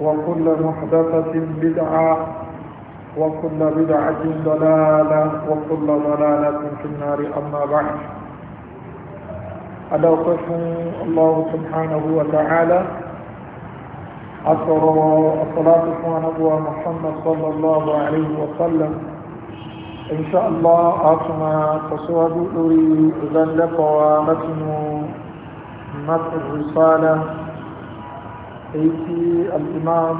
وكل محدثة بدعة وكل بدعة ضلالة وكل ضلالة في النار أما بعد أدوقف الله سبحانه وتعالى أثر الصلاة ونبوة محمد صلى الله عليه وسلم إن شاء الله أطمع تصوب أري أذلك ومتن متن الرسالة èyí tí al-imam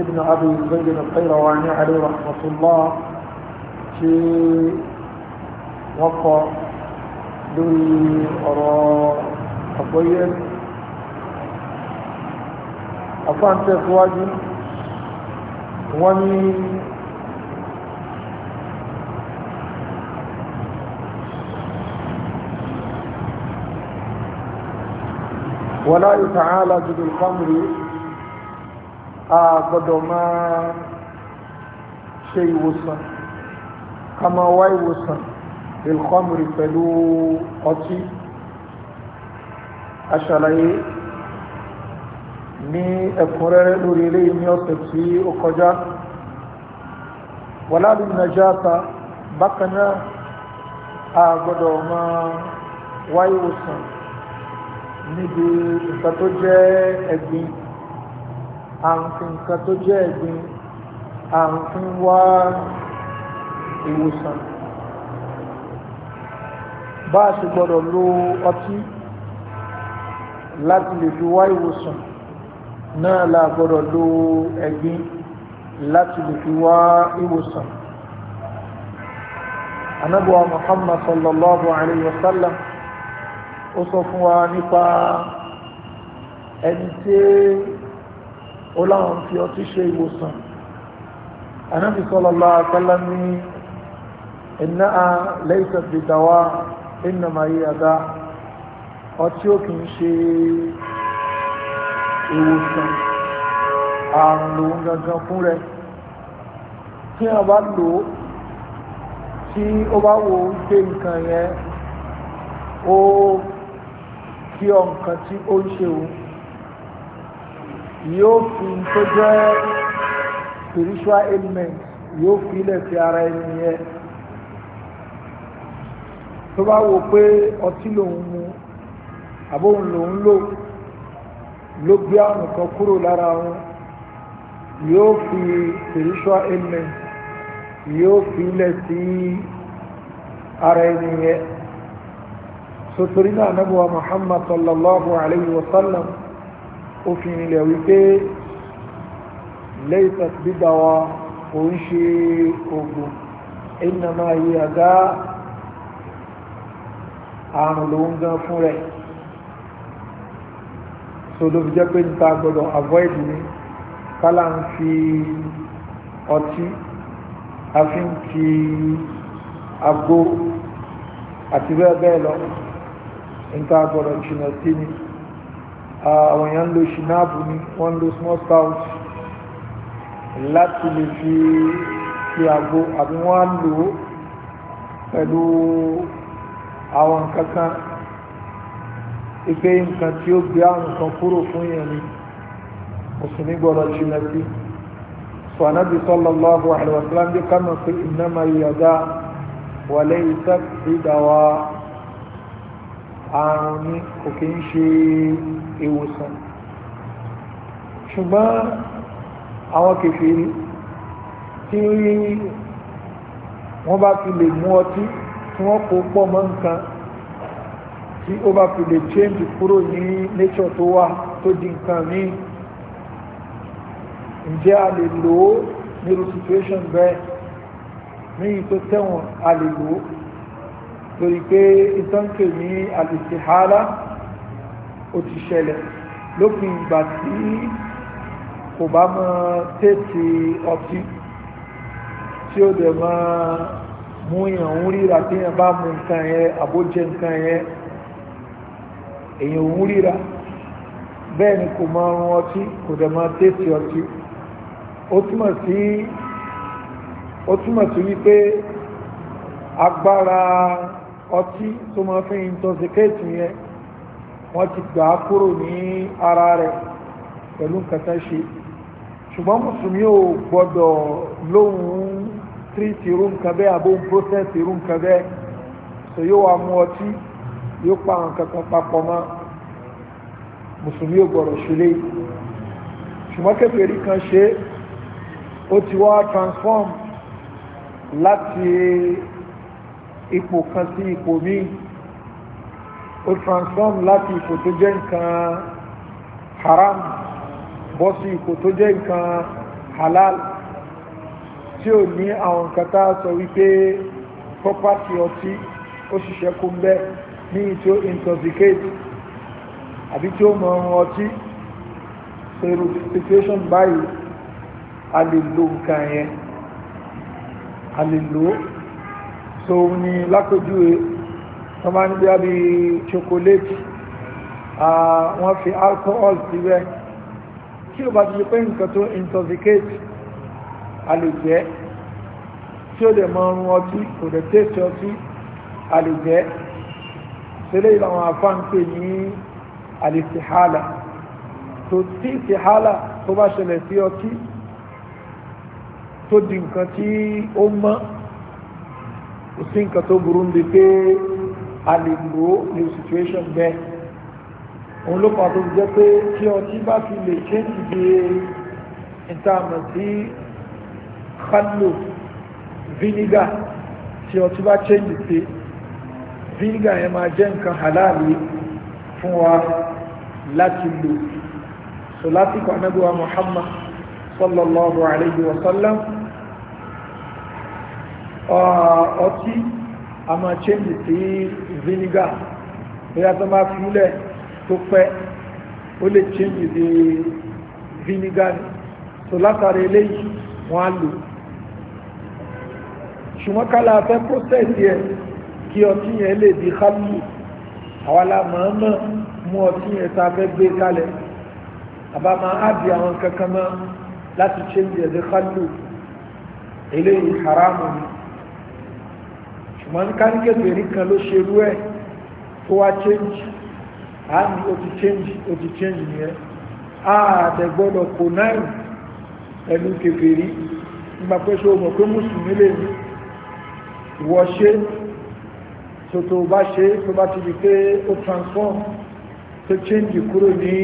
ibn abi zayd al-qayrawani alayhi rahmatullah tí wọ́n kọ lórí ọ̀rọ̀ àgbọ́yé àfáǹtẹ̀síwájú wọ́n ní wala yuta'alaju bil khamri a gbọ́dọ̀ máa ṣe ìwòsàn ká máa wá ìwòsàn bil khamri pẹ̀lú ọtí aṣàlàyé ní ẹ̀kúnrẹ́rẹ́ lórí ilé ní ọ̀sẹ̀ tí ó kọjá wala bin najata bákan náà a máa wá ìwòsàn níbi nǹkan tó jẹ́ ẹ̀gbin àǹfin nǹkan tó jẹ́ ẹ̀gbin àǹfin wá ìwòsàn bá a ṣe gbọ́dọ̀ lo ọtí láti lè fi wá ìwòsàn náà la gbọ́dọ̀ lo ẹ̀gbin láti lè fi wá ìwòsàn anábọ̀wá muhammad sallallahu alayhi wa sallam ó sọ fún wa nípa ẹni tí ó láwọn fi ọtí ṣe ìwòsàn anábì sallallahu alaihi wasallam ní innaha laysat bidawa innama hiya da ọtí ó kì ṣe ìwòsàn àrùn lòun gangan fún rẹ̀ tí wọ́n bá lò ó tí ó bá wo pé nǹkan yẹn ó kí ọ nǹkan tí ó ń ṣe òun yóò fi tó jẹ́ spiritual element yóò fi ilẹ̀ fi ara ẹni yẹn tó bá wo pé ọtí lòun mu àbóhùn lòun lò ló gbé àrùn kan kúrò lára wọn yóò fi spiritual element yóò fi ilẹ̀ sí ara ẹni yẹn sotori náà nabuwa muhammad sallallahu alayhi wa sallam òfin ilẹ̀ wípé laysat bidawa kò ń ṣe oògùn innama hiya àgá àrùn ló ń gan fún rẹ̀ so ló fi jẹ́ pé níta gbọ́dọ̀ avoid ni kálá ń fi ọtí a fi ń ti àgbo àti bẹ́ẹ̀ bẹ́ẹ̀ lọ nta gbọ́dọ̀ jìnà sí ni àwọn èèyàn ń lo ṣìnáàbù ni wọ́n ń lo small stout láti lè fi ṣe àgbo àbí wọ́n á lò ó pẹ̀lú àwọn nǹkan kan ipe nǹkan tí ó gbé àwọn nǹkan kúrò fún yẹn ni mùsùlùmí gbọ́dọ̀ jìnà sí sọ anábì sallallahu alaihi wasallam bí ká mọ̀ pé innama yada wa laysa àrùn ni kò kí ń ṣe ìwòsàn ṣùgbọ́n àwọn kèfèrí tí wọ́n bá fi lè mú ọtí tí wọ́n kó pọ̀ mọ́ nǹkan tí ó bá fi lè change kúrò ní nature tó wà tó di nǹkan ní ǹjẹ́ a lè lò ó nírú situation bẹ́ẹ̀ ní ìtò tẹ̀wọ̀n a lè lò ó torí pé ìtànkè ní al-istihala ó ti ṣẹlẹ̀ lópin ìgbà tí kò bá mọ tètè ọtí tí ó dẹ̀ máa mú èèyàn ń ríra tí èèyàn bá mú nǹkan yẹn àbójẹ nǹkan yẹn èèyàn ń ríra bẹ́ẹ̀ ni kò máa rún ọtí kò dẹ̀ máa tètè ọtí ó túmọ̀ sí wípé agbára ọtí tó máa fi intoxicate yẹn wọ́n ti gbà á kúrò ní ara rẹ̀ pẹ̀lú nǹkan tán ṣe ṣùgbọ́n mùsùlùmí ò gbọ́dọ̀ lóhun tírìtì irú nǹkan bẹ́ẹ̀ àbó ń process irú nǹkan bẹ́ẹ̀ so yóò wá mú ọtí yóò pa àwọn nǹkan papọ̀ mọ́ mùsùlùmí ò gbọ́dọ̀ ṣe lé ṣùgbọ́n kèfèrí kan ṣe ó ti wá transform láti ipò kan sí ipò míì ó transform láti ipò tó jẹ́ nǹkan haram bọ́ sí ipò tó jẹ́ nǹkan halal tí ò ní àwọn nǹkan tá a sọ wípé property ọtí ó ṣiṣẹ́ kún bẹ́ẹ̀ ní tí ó intoxicate àbí tí ó mọ ohun ọtí ṣerú situation báyìí a lè lo nǹkan yẹn a lè lo so ní lápèjúwe wọ́n máa ń bí abí chocolate wọ́n fi alcohol síbẹ̀ tí ó bá ti pé nǹkan tó intoxicate a lè jẹ́ tí ó dẹ̀ mọ ọrùn ọtí kò dẹ̀ tẹ́sí ọtí a lè jẹ́ sílé ìlànà àfáǹpé ní alìsìhálà tó tí ìsìhálà tó bá ṣẹlẹ̀ sí ọtí tó di nǹkan tí ó mọ́ kò sí nǹkan tó burú ń bi pé a lè lò ó ní situation bẹ́ẹ̀ òun ló pàtó jẹ́ pé tí ọtí bá fi lè ṣe ti di ìtààmù sí kálò vinegar tí ọtí bá change sí vinegar yẹn máa jẹ́ nǹkan halali fún wa láti lò so láti kọ́ anábíwá Muhammad sallallahu alayhi wa sallam Ah, ọtí a máa change sí vinegar bóyá tó máa fi ilẹ̀ tó pẹ́ ó lè change sí vinegar ni so látàrí eléyìí wọ́n á lò ṣùgbọ́n kálá afẹ́ process yẹn kí ọtí yẹn lè di kálù àwọn alámọ̀ọ́mọ̀ mú ọtí yẹn tá a fẹ́ gbé kalẹ̀ àbá máa ábí àwọn kankan mọ́ láti change ẹ̀ di kálù eléyìí haramu ni ṣùgbọ́n ní káníkẹ̀tẹ̀ rí kan ló ṣe rú ẹ̀ tó wá change a ní o ti change o ti change nìyẹn a àtẹ̀gbọ́dọ̀ kò náà ẹnu kẹfẹ́ rí nígbà pé ṣe o mọ̀ pé mùsùlùmí lè ní wọ́ ṣe tó tó bá ṣe tó bá ti di pé ó transform tó change kúrò ní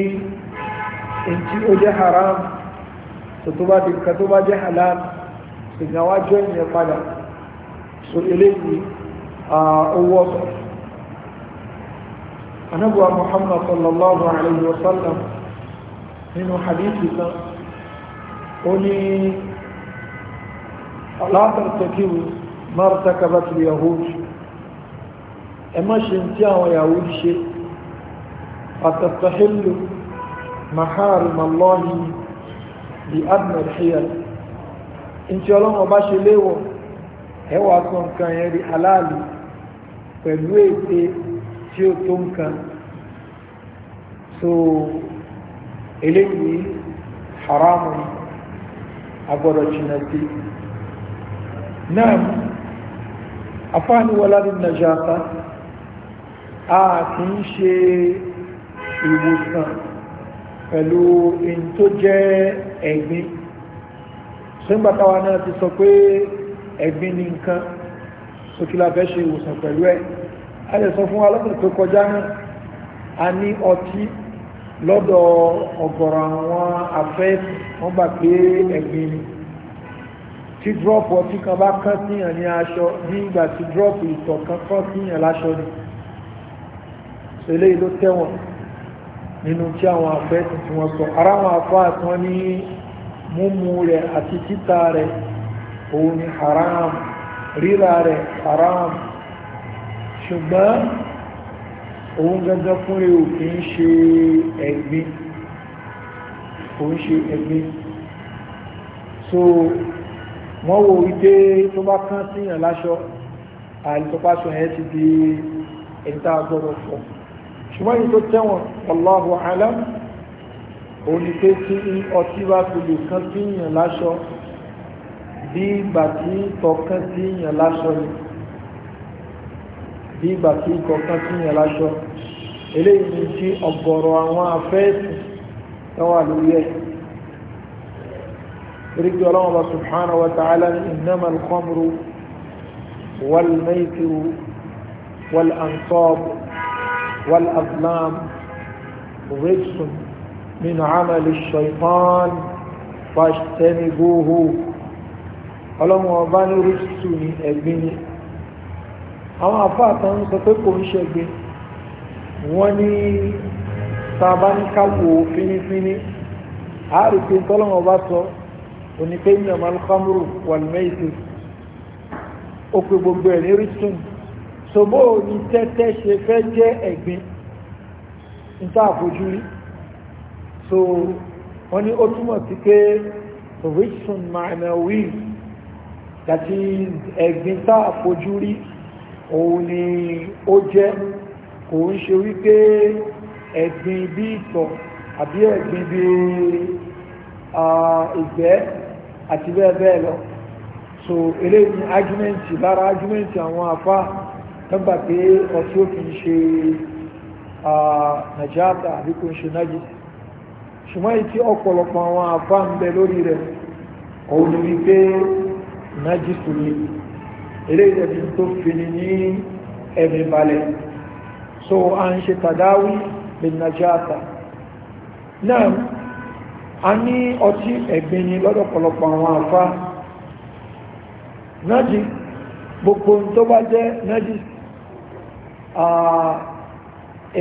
ẹ̀ntí ó jẹ́ haram tó tó bá di nǹkan tó bá jẹ́ halal ìgbàwájọ́ ìyẹn padà so eléyìí owó ọ̀sọ̀ anábùwà muhammad sallallahu alayhi wa sallam nínú hadithi kan ó ní látàrtàkìwò mártakabat yahudi ẹ má ṣe tí àwọn yahudi ṣe àtàtàhìlù maharim allahi bi adnal hiyal in tí ọlọ́run ọba ṣe léwọ̀ ẹwà kan kan yẹn di aláàlú pẹ̀lú ète tí ó tó nǹkan so eléyìí haramu agbọ́dọ̀ jìnà sí náà afáàníwọlá ní nàìjíríà a kì í ṣe ìwòsàn pẹ̀lú in tó jẹ́ ẹ̀gbin ṣígbàtàwà náà ti sọ pé ẹ̀gbin ni nǹkan sókílá fẹ́ ṣe ìwòsàn pẹ̀lú ẹ̀ a lè sọ fún wa lọ́pọ̀ tó kọjá náà a ní ọtí lọ́dọ̀ ọ̀gọ̀rọ̀ àwọn afẹ́ wọ́n gbà pé ẹ̀gbin ni tí drop ọtí kan bá kán síyàn ní aṣọ ní tí drop ìtọ̀ kan kán síyàn láṣọ ni eléyìí ló tẹ́wọ̀n nínú tí àwọn afẹ́ tuntun wọn sọ ara àwọn afọ àtàn ní múmu rẹ̀ àti títà rẹ̀ òun ni haram rírà rẹ̀ haram ṣùgbọ́n òun gangan fún rẹ̀ ò kí ń ṣe ẹ̀gbin kò ń ṣe ẹ̀gbin so wọ́n wo wípé tó bá kán síyàn láṣọ àìsọpáṣọ ẹ̀ ti di ẹ̀ta gbọ́dọ̀ fọ́ ṣùgbọ́n yìí tó tẹ́wọ̀n wallahu alam òun tí ọtí bá fi lè kán síyàn láṣọ bí ìgbà tí kọ̀ọ̀kan sí yàn láṣọ ni bí ìgbà tí kọ̀ọ̀kan sí yàn láṣọ eléyìí ni tí ọ̀gọ̀rọ̀ àwọn afẹ́ẹ̀sì tó wà lórí ẹ̀ rígbé ọlọ́wọ́ bá subhanahu wa ta'ala ní innama al-khamru wal maisiru wal ansab wal azlam min amali shaitan fajtanibuhu ọlọ́run ọba ní oríṣìṣù ní ẹ̀gbin ni àwọn àfáàtà ń sọ pé kò ń ṣẹ̀gbin wọ́n ní tàbá ní káwò fínífíní àárùkú tọ́lọ́run ọba sọ onípe ní ọmọ alkhamru wàlmẹ́ìsì ó pe gbogbo ẹ̀ ní oríṣìṣù ṣòbó ní tẹ́tẹ́ ṣe fẹ́ jẹ́ ẹ̀gbin ní tá àfojú rí so wọ́n ní ó túmọ̀ sí pé oríṣìṣù màánà wíìlì dàtí ẹ̀gbin tá àfojú rí òun ni ó jẹ́ kò ń ṣe wípé ẹ̀gbin bí ìtọ̀ àbí ẹ̀gbin bí ìgbẹ́ àti bẹ́ẹ̀ bẹ́ẹ̀ lọ so eléyìí ni ájúmẹ́ǹtì lára ájúmẹ́ǹtì àwọn afá nígbà pé ọtí ó kì í ṣe nàìjíríà àbí kò ń ṣe nájì ṣùgbọ́n ìtí ọ̀pọ̀lọpọ̀ àwọn afá ń bẹ lórí rẹ̀ òun ni wípé nájísù ni eré ìdẹ̀bí tó fi ni ní ẹ̀mí balẹ̀ so a ń ṣe tàdáwí bin najata náà a ní ọtí ẹ̀gbin ni lọ́dọ̀pọ̀lọpọ̀ àwọn àfá nájí gbogbo tó bá jẹ́ nájí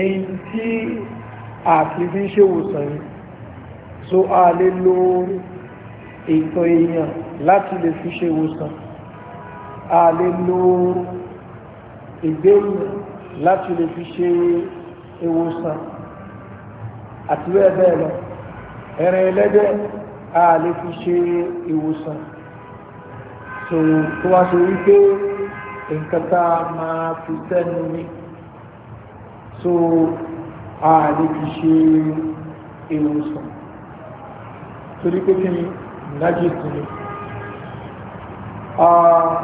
èyí tí àti fi ń ṣe òsàn so a lè lo ètò èèyàn láti lè fi ṣe ìwòsàn a lè lo ìgbéyìn láti lè fi ṣe ìwòsàn àti bẹ́ẹ̀ bẹ́ẹ̀ lọ ẹran ẹlẹ́dẹ̀ a lè fi ṣe ìwòsàn tó tó wá sí wípé nǹkan tá a máa fi sẹ́nu ni so a lè fi ṣe ìwòsàn torí pé kí ni ìdájì ìsinmi. Ah,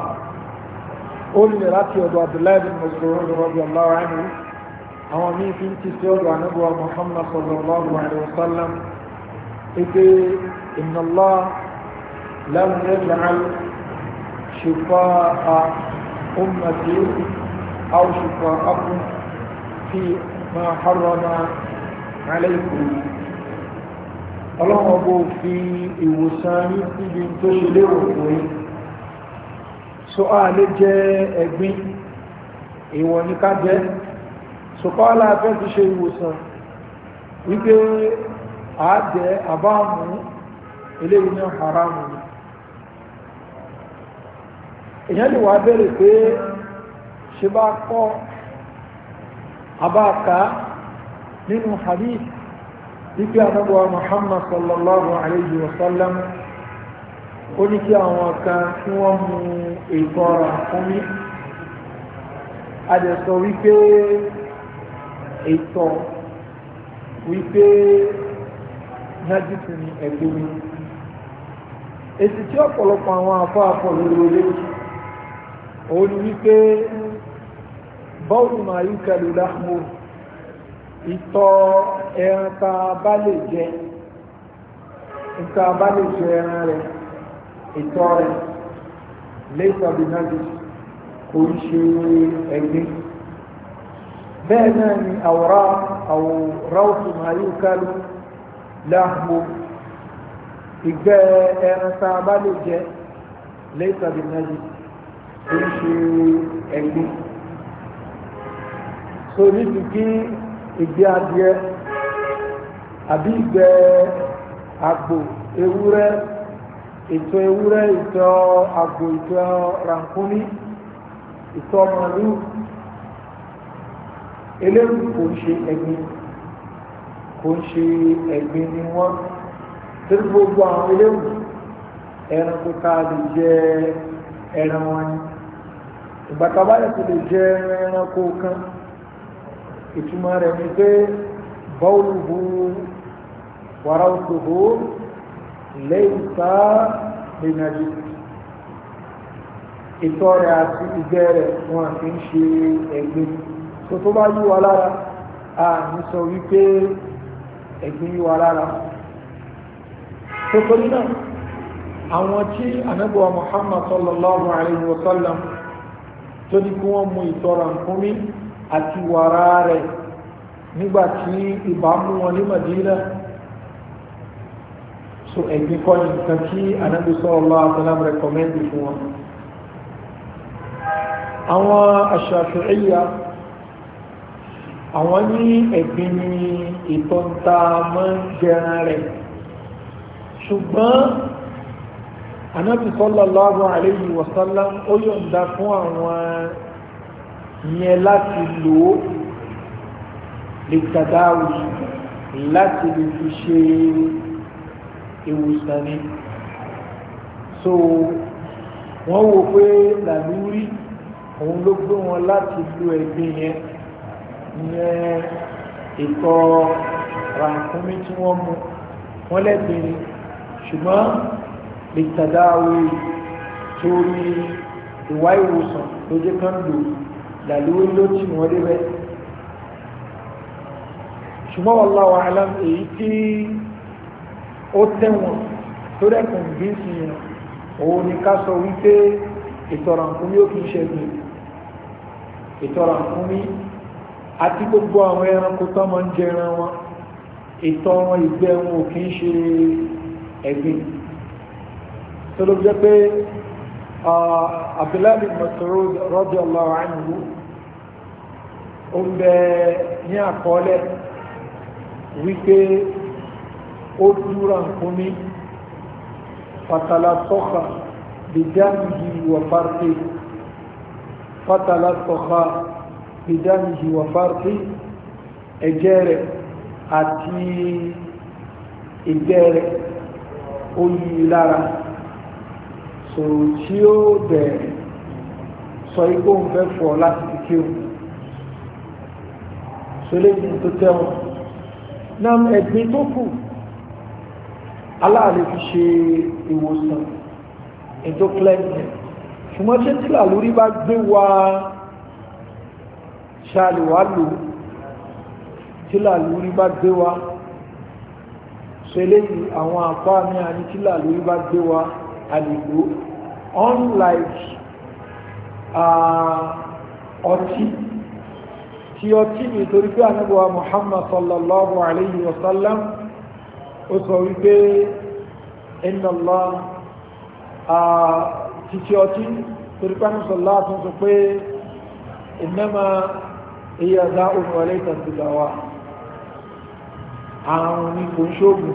ó lè láti ọ̀dọ̀ abdullahi bin mas'ud radiyallahu anhu àwọn míì fi ń ti sí ọ̀dọ̀ anábọ̀ muhammad sallallahu alaihi wasallam ike inna allah lam yaj'al shifa'a ummati aw shifa'akum fi ma harrama alaykum ọlọ́wọ́ bó fi ìwòsàn yìí síbi tó ṣe léwòrán so a lè jẹ ẹ̀gbin ìwọ̀n ní ká jẹ́ sọ̀kọ́ aláàfẹ́ ti ṣe ìwòsàn wípé àádẹ́ àbáàmù eléyìí náà haramu ni èyàn lè wá bẹ̀rẹ̀ pé ṣe bá kọ́ àbáàká nínú hadith wípé muhammad sallallahu alayhi ó ní kí àwọn kan kí wọ́n mú ètò ọ̀rọ̀ fún mi adẹ̀sọ wípé ètò wípé nájísì ni ẹ̀gbẹ́ mi èsì tí ọ̀pọ̀lọpọ̀ àwọn afọ́afọ́ lórí olóòtú òun ni wípé bọ́ọ̀lù máa yí kẹlù láàmú ìtọ̀ ẹran tá a bá lè jẹ ẹran rẹ̀ ìtọ́ rẹ̀ later be nagis kò ń ṣe ẹ̀gbin bẹ́ẹ̀ náà ni àwòrán àwòrán àyíkálu láàbò ìgbẹ́ ẹran tá a bá lè jẹ later be nagis kò ń ṣe ẹ̀gbin so níbi kí ìgbẹ́ adìẹ àbí ìgbẹ́ àgbò ewúrẹ́ ìtọ̀ ewúrẹ́ ìtọ̀ àgbò ìtọ̀ rànkúní ìtọ̀ màálù eléyìí kò ń ṣe ẹ̀gbin kò ń ṣe ẹ̀gbin ni wọ́n tí gbogbo àwọn eléyìí ẹranko tá a lè jẹ ẹran wọn ni ìgbà tá lè ti lè jẹ kan ìtumọ̀ rẹ̀ ni pé bọ́ọ̀lù bu wàrà òṣòwò lẹ́yìnká bìnàjì ìtọ́ rẹ̀ àti ìgbẹ́ rẹ̀ wọn àti ń ṣe ẹ̀gbin tó tó bá yíwa lára a ní sọ wípé ẹ̀gbin yíwa lára tó tó nínà àwọn tí anábọ̀ Muhammad sallallahu alayhi wa sallam tó ní kí wọ́n mú ìtọ́ra nkúmi àti wàrà rẹ̀ nígbàtí ìbámu wọn ní Madina so ẹ̀gbin kọ́ ní nǹkan tí anábì sallallahu alaihi wasallam rẹ̀kọ́mẹ́ndì fún wọn àwọn Aṣafi'iyya àwọn ní ẹ̀gbin ní ìtọ́ta mọ́ jẹran rẹ̀ ṣùgbọ́n anábì sallallahu alaihi wasallam ó yọ̀ǹda fún àwọn yẹn láti lò ó lè tàdáwì láti lè fi ṣe ewùsàn ni so wọ́n wò pé làlúrí òun ló gbé wọn láti lu ẹ̀gbin yẹn ìyẹn ìtọ̀ ràǹkúnmí tí wọ́n mu wọ́n lẹ́gbin ni ṣùgbọ́n lè tàdáwé torí ìwá ìwòsàn ló jẹ́ kán lò làlúrí ló tì wọ́n débẹ̀ ṣùgbọ́n wallahu èyí tí ó tẹ̀wọ̀n tó dẹ̀kùn bíìsì yẹn òun ni ká sọ wípé ìtọ̀rọ̀ ó kìí ṣẹ́gun ati àti gbogbo àwọn ẹranko tó máa ń jẹ wọn ìtọ̀ wọn ìgbẹ́ wọn ò kìí ṣe ẹ̀gbìn tó ló jẹ́ pé Abdullahi Mas'ud radiyallahu anhu ó ń bẹ ní àkọọ́lẹ̀ wípé ó dúra nǹkan mi fatala tọ́ka bìdáàmì wà fártì fatala tọ́ka bìdáàmì wà fártì ẹ̀jẹ̀ rẹ̀ àti ìgbẹ́ rẹ̀ ó yí lára sọ̀rọ̀ tí ó bẹ̀rẹ̀ sọ igbó ń fẹ́ fọ́ láti kí o sọlẹ́yìn tó tẹ́wọ̀n náà ẹ̀gbin tó kù aláàlè fi ṣe ìwòsàn ètò cleansing ṣùgbọ́n ṣé tí làlórí bá gbé wa ṣàlùwà lò tí làlórí bá gbé wa ṣẹlẹ̀ yìí àwọn àpá ní àní tí làlórí bá gbé wa àlèlò unlike ọtí tí ọtí nítorí pé ànábọ̀wá Muhammad sallallahu alayhi wa sallam ó sọ wípé inna Allah títí ọtí torípánù sọ̀lá tó sọ pé innama iya za'un wa laysa dawa àrùn ni kò ń ṣóògùn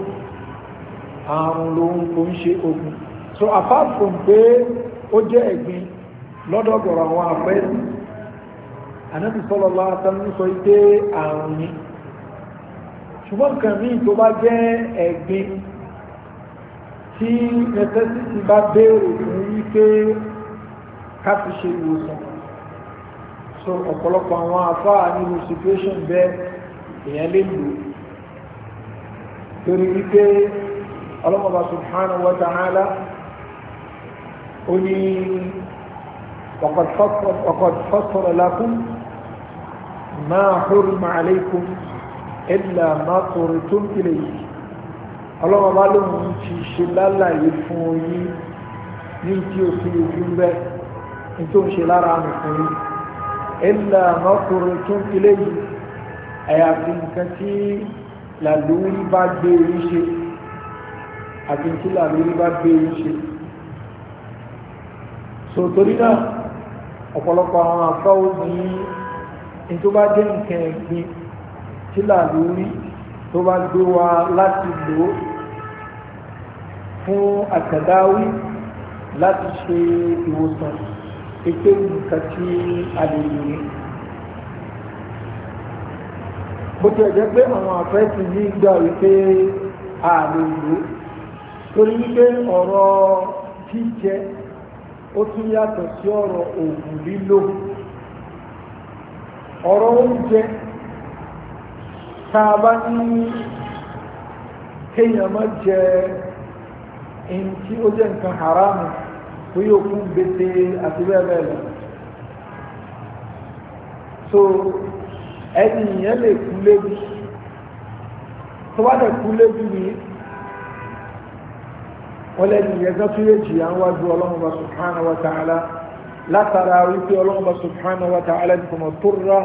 àrùn lòun kò ń ṣe ogun so apart from pé ó jẹ́ ẹ̀gbin lọ́dọ̀gọ̀rọ̀ àwọn àpẹẹrẹ anábì sallallahu alaihi wasallam sọ pé àrùn ni ṣùgbọ́n nǹkan míì tó bá jẹ́ ẹ̀gbin tí necessity bá béèrè fún wípé ká fi ṣe ìwòsàn so ọ̀pọ̀lọpọ̀ àwọn afáà nínú situation bẹ́ẹ̀ èèyàn lè lò torí wípé ọlọ́mọba subhanahu wa ta'ala ó ní ọ̀kọ̀tọ́sọ̀rọ̀ lákún máa hórùmọ̀ àlékún ẹ̀là má tọrọ tó ń kiri yìí ọlọ́wọ́ bá lóun ti ṣe lálàyé fún yín ní tí o fi ojú ń bẹ́ ní tó ń ṣe lára àmì fún yín ẹ̀là má tọrọ tó ń kiri yìí àyàfi nǹkan tí làlórí bá gbé orí ṣe àti tí làlórí bá gbé orí ṣe sòtòrí náà ọ̀pọ̀lọpọ̀ àwọn afọ́ ní tó bá jẹ́ nǹkan ẹ̀gbin tí làlórí tó bá gbé wa láti lò ó fún àtàdáwí láti ṣe ìwòsàn ètò nǹkan tí a lè lò ní. bó ti ẹ̀jẹ̀ pé àwọn àfẹ́sì ní gbà wípé a lè lò torí wípé ọ̀rọ̀ jíjẹ ó tún yàtọ̀ sí ọ̀rọ̀ òògùn lílò ọ̀rọ̀ oúnjẹ tá a bá ní kéèyàn má jẹ ẹni tí ó jẹ́ nǹkan haramu tó yóò fún gbèsè àti bẹ́ẹ̀ lọ so ẹni yẹn lè kú lébi tó bá dẹ̀ kú lébi ni wọ́n lẹ́nu yẹn gán tún yé jìyà ń wájú ọlọ́run bá subhanahu wa ta'ala látara wípé ọlọ́run bá subhanahu wa ta'ala ní mọ̀ tó rà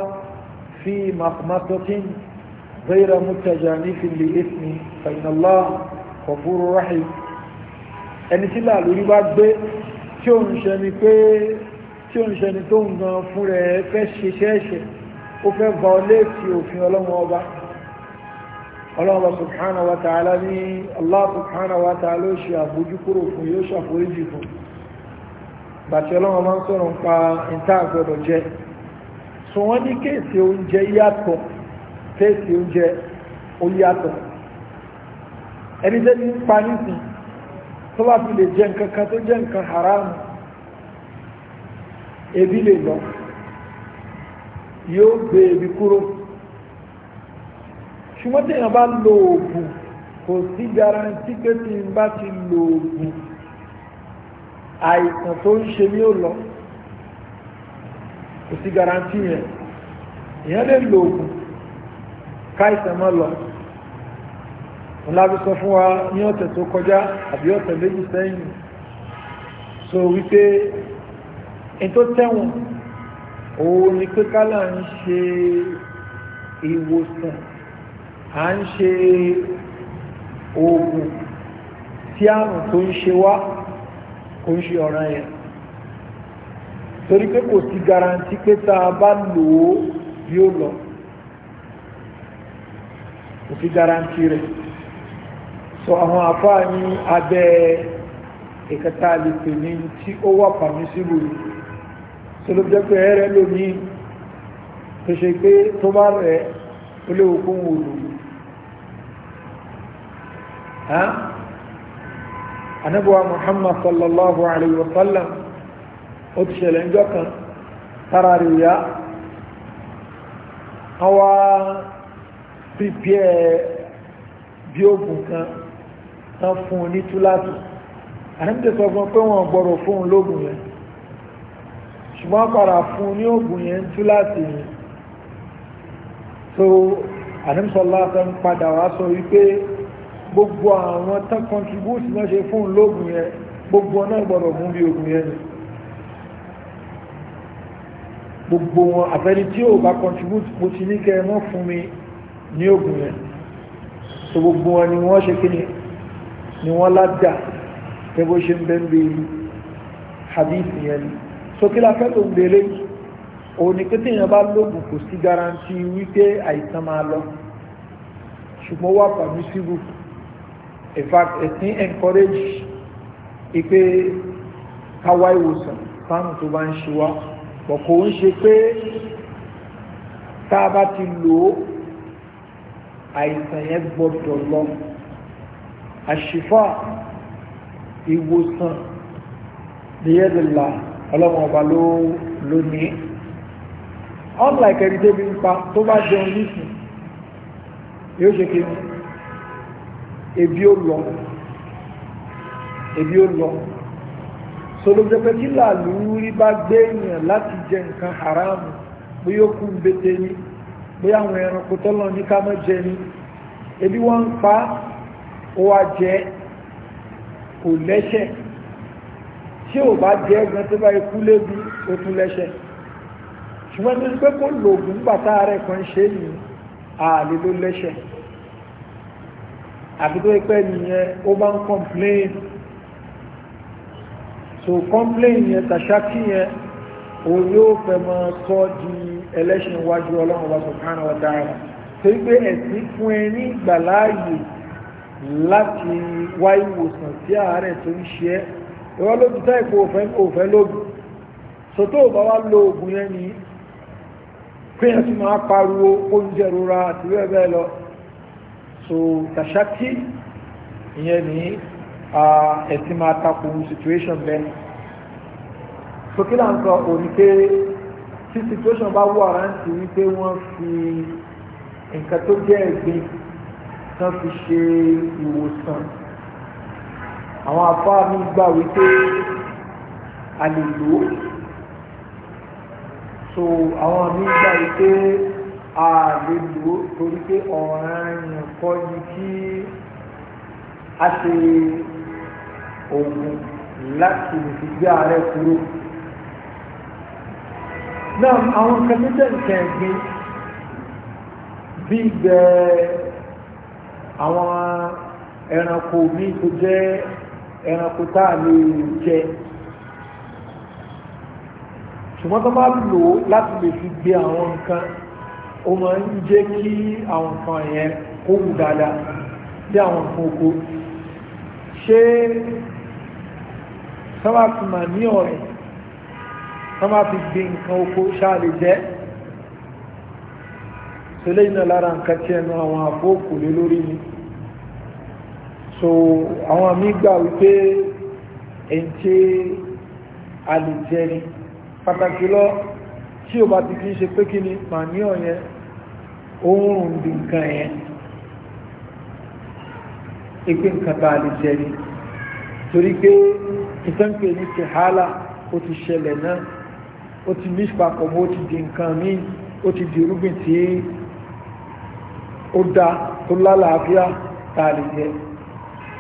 fi màkùmá tó kí غير متجانف لإثم فإن الله غفور رحيم ẹni tí làlórí bá gbé tí ó ń ṣẹni pé tí ó ń ṣẹni tó ń gan fún rẹ̀ fẹ́ ṣiṣẹ́ ẹ̀ṣẹ̀ ó fẹ́ bá ọ léèkì òfin ọlọ́run ọba ọlọ́run subhanahu wa ta'ala ní Allah subhanahu wa ta'ala ó ṣe àbójúkúrò fún yóò ṣàforíjì fún bàtí ọlọ́run máa ń sọ̀rọ̀ nípa ìta àgbọ̀dọ̀ jẹ so wọ́n ní kéèsì oúnjẹ yàtọ̀ tẹ́ẹ̀sì oúnjẹ ó ẹni tẹ́ ti pa le tó bá fi lè jẹ haramu ebi lè lọ yóò gbé ebi kúrò ṣùgbọ́n tí èèyàn bá lo oògùn kò sí garanti pé tí n bá ti lo oògùn àìsàn tó ń ṣe ní ò lọ kò sí garanti yẹn káìsàn mọ́ lọ ńlá bí sọ fún wa ní ọ̀tẹ̀ tó kọjá àbí ọ̀tẹ̀ méjì sẹ́yìn so wípé ètò tẹ̀wọ̀n òun ni pé kálá ń ṣe ìwòsàn à ń ṣe oògùn tí àrùn tó ń ṣe wá kò ń ṣe ọ̀ràn yẹn torí pé kò sí garanti pé tá a bá lò ó yóò lọ kò fi garanti rẹ̀ so àwọn àfáà ní abẹ́ ìkẹta lè pè ní tí ó wà pàmísìlù tó ló jẹ́ pé ẹ̀rẹ́ lómi tó ṣe pé tó bá rẹ̀ ó léwu kó ń wòlò muhammad sallallahu alaihi wasallam ó ti ṣẹlẹ̀ ń kan tára rí ya àwọn prepare bí ogun kan tán fún un ní túláàtù àníbìtẹ̀ sọ fún pé wọ́n gbọ́rọ̀ fún un lóògùn yẹn ṣùgbọ́n padà fún un ní ogun yẹn túláàtù yẹn so àníbìsọ̀lá fẹ́ ń padà wá sọ wípé gbogbo àwọn tán contribute náà ṣe fún un lóògùn yẹn gbogbo náà gbọ́dọ̀ mú bí ogun yẹn ni gbogbo wọn àfẹ́ni tí ò bá contribute mo ti ní kẹ́ ẹ mọ́ fún mi ní ogun yẹn so gbogbo wọn ni wọ́n ṣe kí ni ni wọ́n ládà tẹ́bó ṣe ń bẹ́ẹ̀ ń hadith yẹn ni so kí la fẹ́ tó ń bèèrè òun ni kété yẹn bá lóògùn kò sí garanti wípé àìsàn máa lọ ṣùgbọ́n wà pàmí síbù in fact ẹ̀sìn encourage ipe káwá ìwòsàn fáwọn tó bá ń ṣe wá pọ̀ kò ń ṣe pé tá a bá ti lò ó àìsàn yẹn gbọdọ̀ lọ àṣìfà ìwòsàn lèyẹ́dìlà ọlọ́run ọba ló lónìí unlike ẹni débi ń pa tó bá jẹun nísìn yóò ṣe kí ebi ó lọ ebi ó lọ solomjẹpẹ tí làlú rí bá gbé èèyàn láti jẹ nǹkan haramu bí yóò kú ń bété ní pé àwọn ẹranko tọ́lọ ní ká mọ́ jẹ ní ebi wọ́n ń pa ó wá jẹ kò lẹ́ṣẹ̀ tí ò bá jẹ ẹgbẹ́ tó bá ikú lébi ó tún lẹ́ṣẹ̀ ṣùgbọ́n tó ń pẹ́ kó lòògùn bàtà rẹ̀ kan ṣe ní ààlè ló lẹ́ṣẹ̀ àbí tó pẹ́ nìyẹn ó bá ń complain so complain yẹn tàṣákì yẹn òun yóò fẹ́ mọ sọ di ẹlẹ́ṣin iwájú ọlọ́run wa subhanahu wa ta'ala torí pé ẹ̀sìn fún ẹ ní ìgbàláàyè láti wá ìwòsàn sí àárẹ̀ tó ń ṣe ẹ́ ìwọ́n ló ti táìpọ̀ òfẹ́ lóògùn sọ́tò bá wá lo ògùn yẹn ni pínyàn tí máa pariwo oúnjẹ rora àti bẹ́ẹ̀ lọ so tàṣákì ìyẹn ni ẹ̀sìn máa takùn situation bẹ́ẹ̀ sókè là ń sọ òrìké tí situation bá wọ àrántí wípé wọ́n fi nǹkan tó jẹ́ ẹ̀gbin tán fi ṣe ìwòsàn àwọn afá mi gbà wípé a lè lò ó so àwọn mi gbà wípé a lè lò ó torí pé ọ̀ràn yẹn kọ́ ni kí a ṣe oògùn láti fi gbé ààrẹ kúrò náà àwọn nǹkan tó jẹ́ nǹkan ẹ̀gbin bí gbẹ àwọn ẹranko mi tó jẹ́ ẹranko tá a lè jẹ ṣùgbọ́n tó bá lò láti lè fi gbé àwọn nǹkan ó máa ń jẹ́ kí àwọn nǹkan yẹn kó wù dáadáa bí àwọn nǹkan oko ṣé sábà fi mà ní ọ̀rẹ́ wọ́n máa fi gbé nǹkan oko ṣáàlè jẹ́ so lẹ́yìn náà lára nǹkan tí ẹnu àwọn àfóòkù lé lórí ni so àwọn àmì gbà wípé ẹni tí a lè jẹ ni pàtàkì lọ tí o bá ti fi ṣe pé kí ni màníọ̀ yẹn oòrùn di nǹkan yẹn ìpé nǹkan tá a lè jẹ ni torí pé ìtànkè ní tìhálà ó ti ṣẹlẹ̀ náà ó ti mix papọ̀ mọ́ ó ti di nǹkan míì ó ti di irúgbìn tí ó da tó lálàáfíà tá a lè jẹ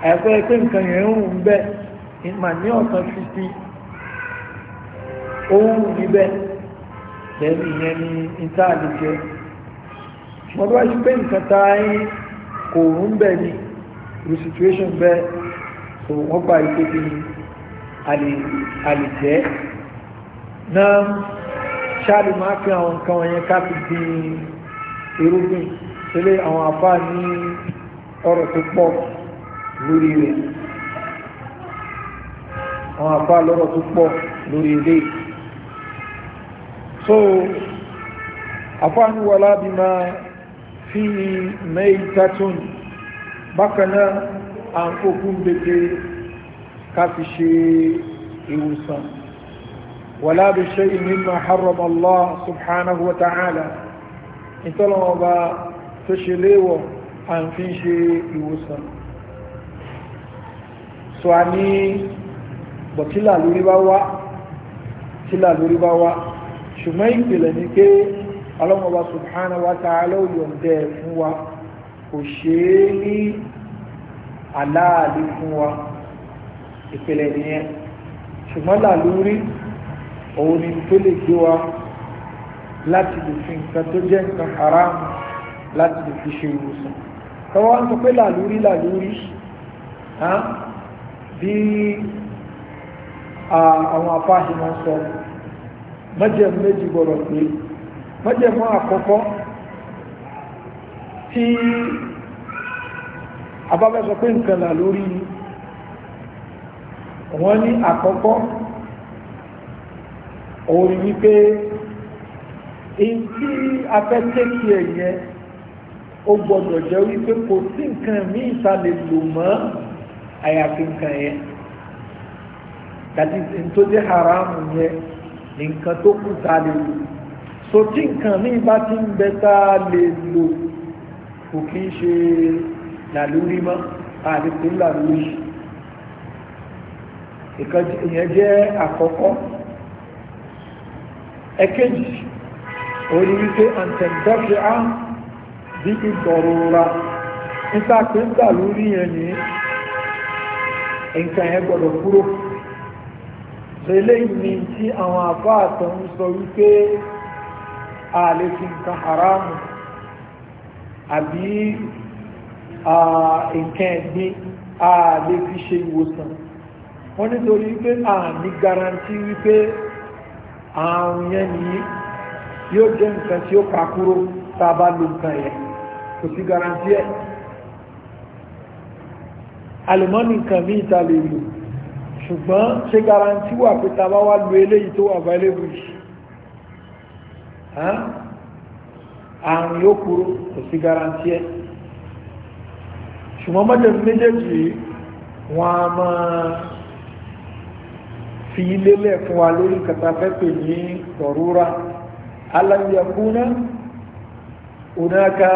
àìpẹ́ pé nǹkan yẹn ń rùn bẹ́ẹ̀ mà ní ọ̀sán fífi ó ń níbẹ̀ lẹ́nu ìyẹn ni ìta lè jẹ bá ṣe pé nǹkan ta yín kò rùn bẹ́ẹ̀ ni irú situation bẹ́ẹ̀ so wọ́n gba ìpèkì àlè jẹ́ náà ṣáàlì máa fi àwọn nǹkan wọ̀nyẹn ká fi gbin irúgbìn sílé àwọn afá ní ọ̀rọ̀ tó pọ̀ lórí rẹ̀ àwọn afá lọ́rọ̀ tó pọ̀ lórí ilé so afá ní wọlá bí máa fi mẹ́ìtàtún bákanáà à ń kókún gbèké ká fi ṣe ìwòsàn ولا بشيء مما حرم الله سبحانه وتعالى ìtọ́lọ́wọ́ bá tó ṣe léwọ̀ a ń fi ṣe ìwòsàn so a ní bọ̀tílà lórí bá wá tílà lórí bá wá ṣùgbọ́n ìpìlẹ̀ ní pé ọlọ́mọba subhanahu wa ta'ala yọ̀ǹdẹ̀ fún wa kò ṣe é ní aláàlú fún wa ìpìlẹ̀ nìyẹn ṣùgbọ́n làlórí òun ni tó lè gbé wa láti lè fi nǹkan tó jẹ́ nǹkan haram láti lè fi ṣe ìwòsàn kọ́wọ́ ń sọ pé làlúrí làlúrí bí àwọn afáàṣì máa ń sọ mọ́jẹ̀mú méjì gbọ́dọ̀ pé mọ́jẹ̀mú àkọ́kọ́ tí abáfẹ́ sọ pé nǹkan làlúrí wọ́n ní àkọ́kọ́ òun ni wípé èyí tí afẹ́tẹ́kì ẹ̀ yẹn ó gbọ́dọ̀ jẹ́ wípé kò sí nǹkan míì ta lè lò mọ́ àyàfi nǹkan yẹn dàtí tó jẹ́ haramu yẹn nǹkan tó kù ta lè lò so tí nǹkan míì bá ti ń bẹ ta lè lò kò kí ń ṣe làlúrí mọ́ àdìpín làlúrí ìyẹn jẹ́ àkọ́kọ́ ẹ̀kejì orí wípé àtẹ̀dọ́fẹ́ á bí ìgbọ̀rọ̀ra nípa pé ń gbà lórí yẹn ní nǹkan yẹn gbọ́dọ̀ kúrò eléyìí ni tí àwọn àbá àtọ̀ ń sọ wípé a lè fi nǹkan haramu àbí nǹkan ẹ̀gbin a lè fi ṣe ìwòsàn wọ́n nítorí wípé a ní garanti wípé àrùn yẹn ni yóò jẹ́ nǹkan tí ó kà kúrò tá a bá lo nǹkan yẹn kò sí garanti ẹ̀ alùmọ́nì nǹkan míì ta lè lò ṣùgbọ́n ṣé garanti wà pé ta bá wá lo eléyìí tó wà available yìí àrùn yóò kúrò kò sí garanti ẹ̀ ṣùgbọ́n mọ́jọ́ méjèèjì wọ́n máa fi lélẹ̀ fún wa lórí kàtàfẹ́pẹ̀ ní ọ̀rúra aláyẹ̀kúnná onáka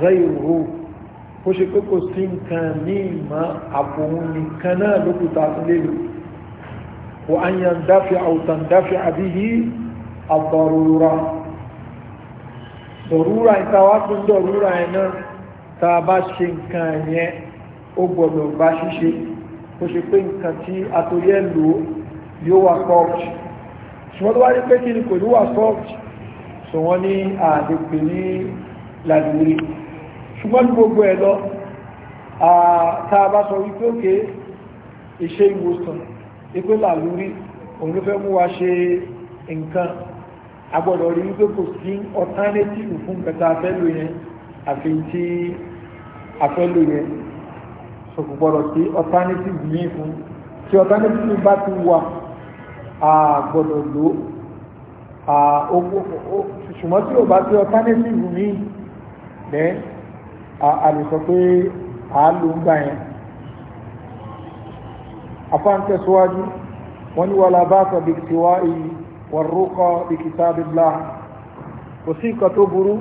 zairu ó ṣe kókò sí nǹkan ní ìmọ̀ àpòun nìkan náà lókùtà tún lélò wa an yandafi àwùtàn dáfi àbíyí àbọ̀rúra dọ̀rúra ìtawà tún dọ̀rúra ẹ̀ náà tá a bá ṣe nǹkan yẹn ó gbọ́dọ̀ bá ṣíṣe ó ṣe pé nǹkan tí a lòó yóò wà soft ṣùgbọ́n tó wá ní pé kí ni kò ní wà soft so wọ́n ní àdèpè ní làdúrí ṣùgbọ́n ní gbogbo ẹ̀ lọ tá a bá sọ wípé òkè iṣẹ́ ìwòsàn ipé làlúrí òun ló fẹ́ mú wa ṣe nǹkan agbọ́dọ̀ rí wípé kò sí alternative fún kẹta afẹ́lò yẹn àfi tí afẹ́lò yẹn sọ̀kùgbọ́dọ̀ sí alternative ní fún tí alternative bá ti wà àgbọ̀dọ̀ ló ṣùgbọ́n tí ò bá tí alternative ní ẹ̀ àlùsọ pé àálù ń gbà yẹn afáǹtẹ̀síwájú wọ́n ní wọ́n labáṣọ̀ bí ti wá iyì wọ́n rúkọ bí kitabillah kò sí nǹkan tó burú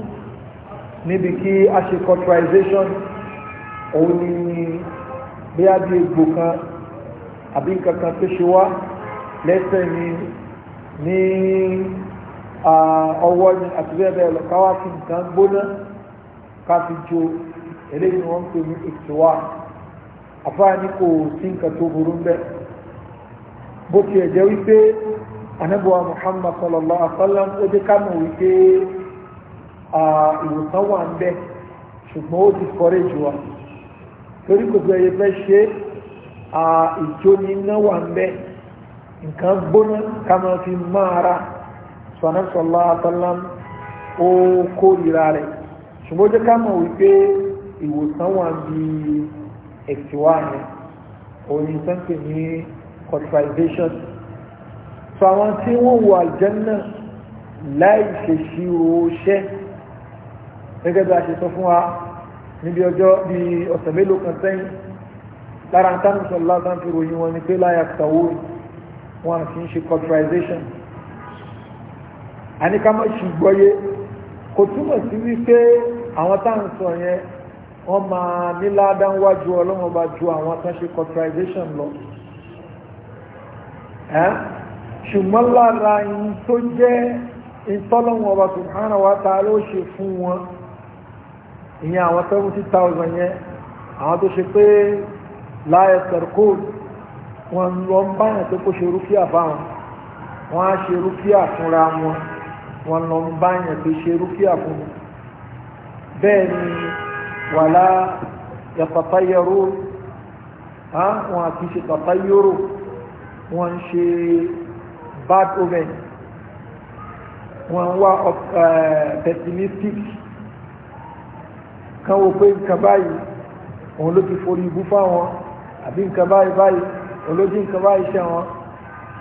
níbi kí a ṣe cauterization òun ni bí a bí egbò kan àbí nǹkan kan tó ṣe wá lẹ́sẹ̀ ni ní ọwọ́ ni àti bẹ́ẹ̀ bẹ́ẹ̀ lọ káwá fi nǹkan gbóná ká fi jo eléyìí wọ́n ń pè ní ìtura àfáà ní kò sí nǹkan tó burú ń bẹ́ bó tiẹ̀ jẹ́ wípé anábọ̀wá Muhammad sallallahu alaihi wa sallam ó dé ká mọ̀ wípé ìwòsàn wà ń bẹ́ ṣùgbọ́n ó ti kọ́rẹ́ jù wá torí kò fẹ́ yẹ fẹ́ ṣe ìjóni iná wà ń bẹ́ nǹkan gbóná ká máa fi máa ra sọ̀nàṣọ́lá àtàlám ó kórìíra rẹ̀ ṣùgbọ́n ó jẹ́ ká mọ̀ wípé ìwòsàn wà bí ẹ̀sìwá rẹ̀ òyìn sẹ́ńpẹ̀ ní cauterization so àwọn tí wọ́n wọ àlùjánnà láì ṣèṣì oṣẹ́ gẹ́gẹ́ bí a ṣe sọ fún wa níbi ọjọ́ bí ọ̀sẹ̀ mélòó kan sẹ́yìn lára ń tánù sọ̀rọ̀ láti fi ròyìn wọn ni pé láyà kàwó yìí wọn kì í ṣe culturalization àníkàmọ́ ṣì gbọ́yé kò túmọ̀ sí wípé àwọn táwọn sọ yẹn wọ́n máa ní ládáwájú ọlọ́wọ́n bá ju àwọn tán ṣe culturalization lọ ṣùgbọ́n lára yìí tó jẹ́ ìtọ́lọ́wọ́n ọba subhanahu wa ta'ala ó ṣe fún wọn ìyẹn àwọn 70,000 yẹn àwọn tó ṣe pé láyé sẹ̀rkóòdù wọ́n lọ ń báyàn tó kó ṣe rúkìá báwọn wọ́n á ṣe rúkìá fúnra wọn wọ́n lọ ń báyàn tó ṣe rúkìá fún wọn bẹ́ẹ̀ ni wàlá yàtàtàyẹrò wọn àti ṣe tàtàyẹrò wọ́n ń ṣe bad omen wọ́n ń wá pessimistic kan wo pé nǹkan báyìí òun ló ti forí ibú fáwọn àbí nǹkan báyìí báyìí olójú nǹkan bá iṣẹ́ wọn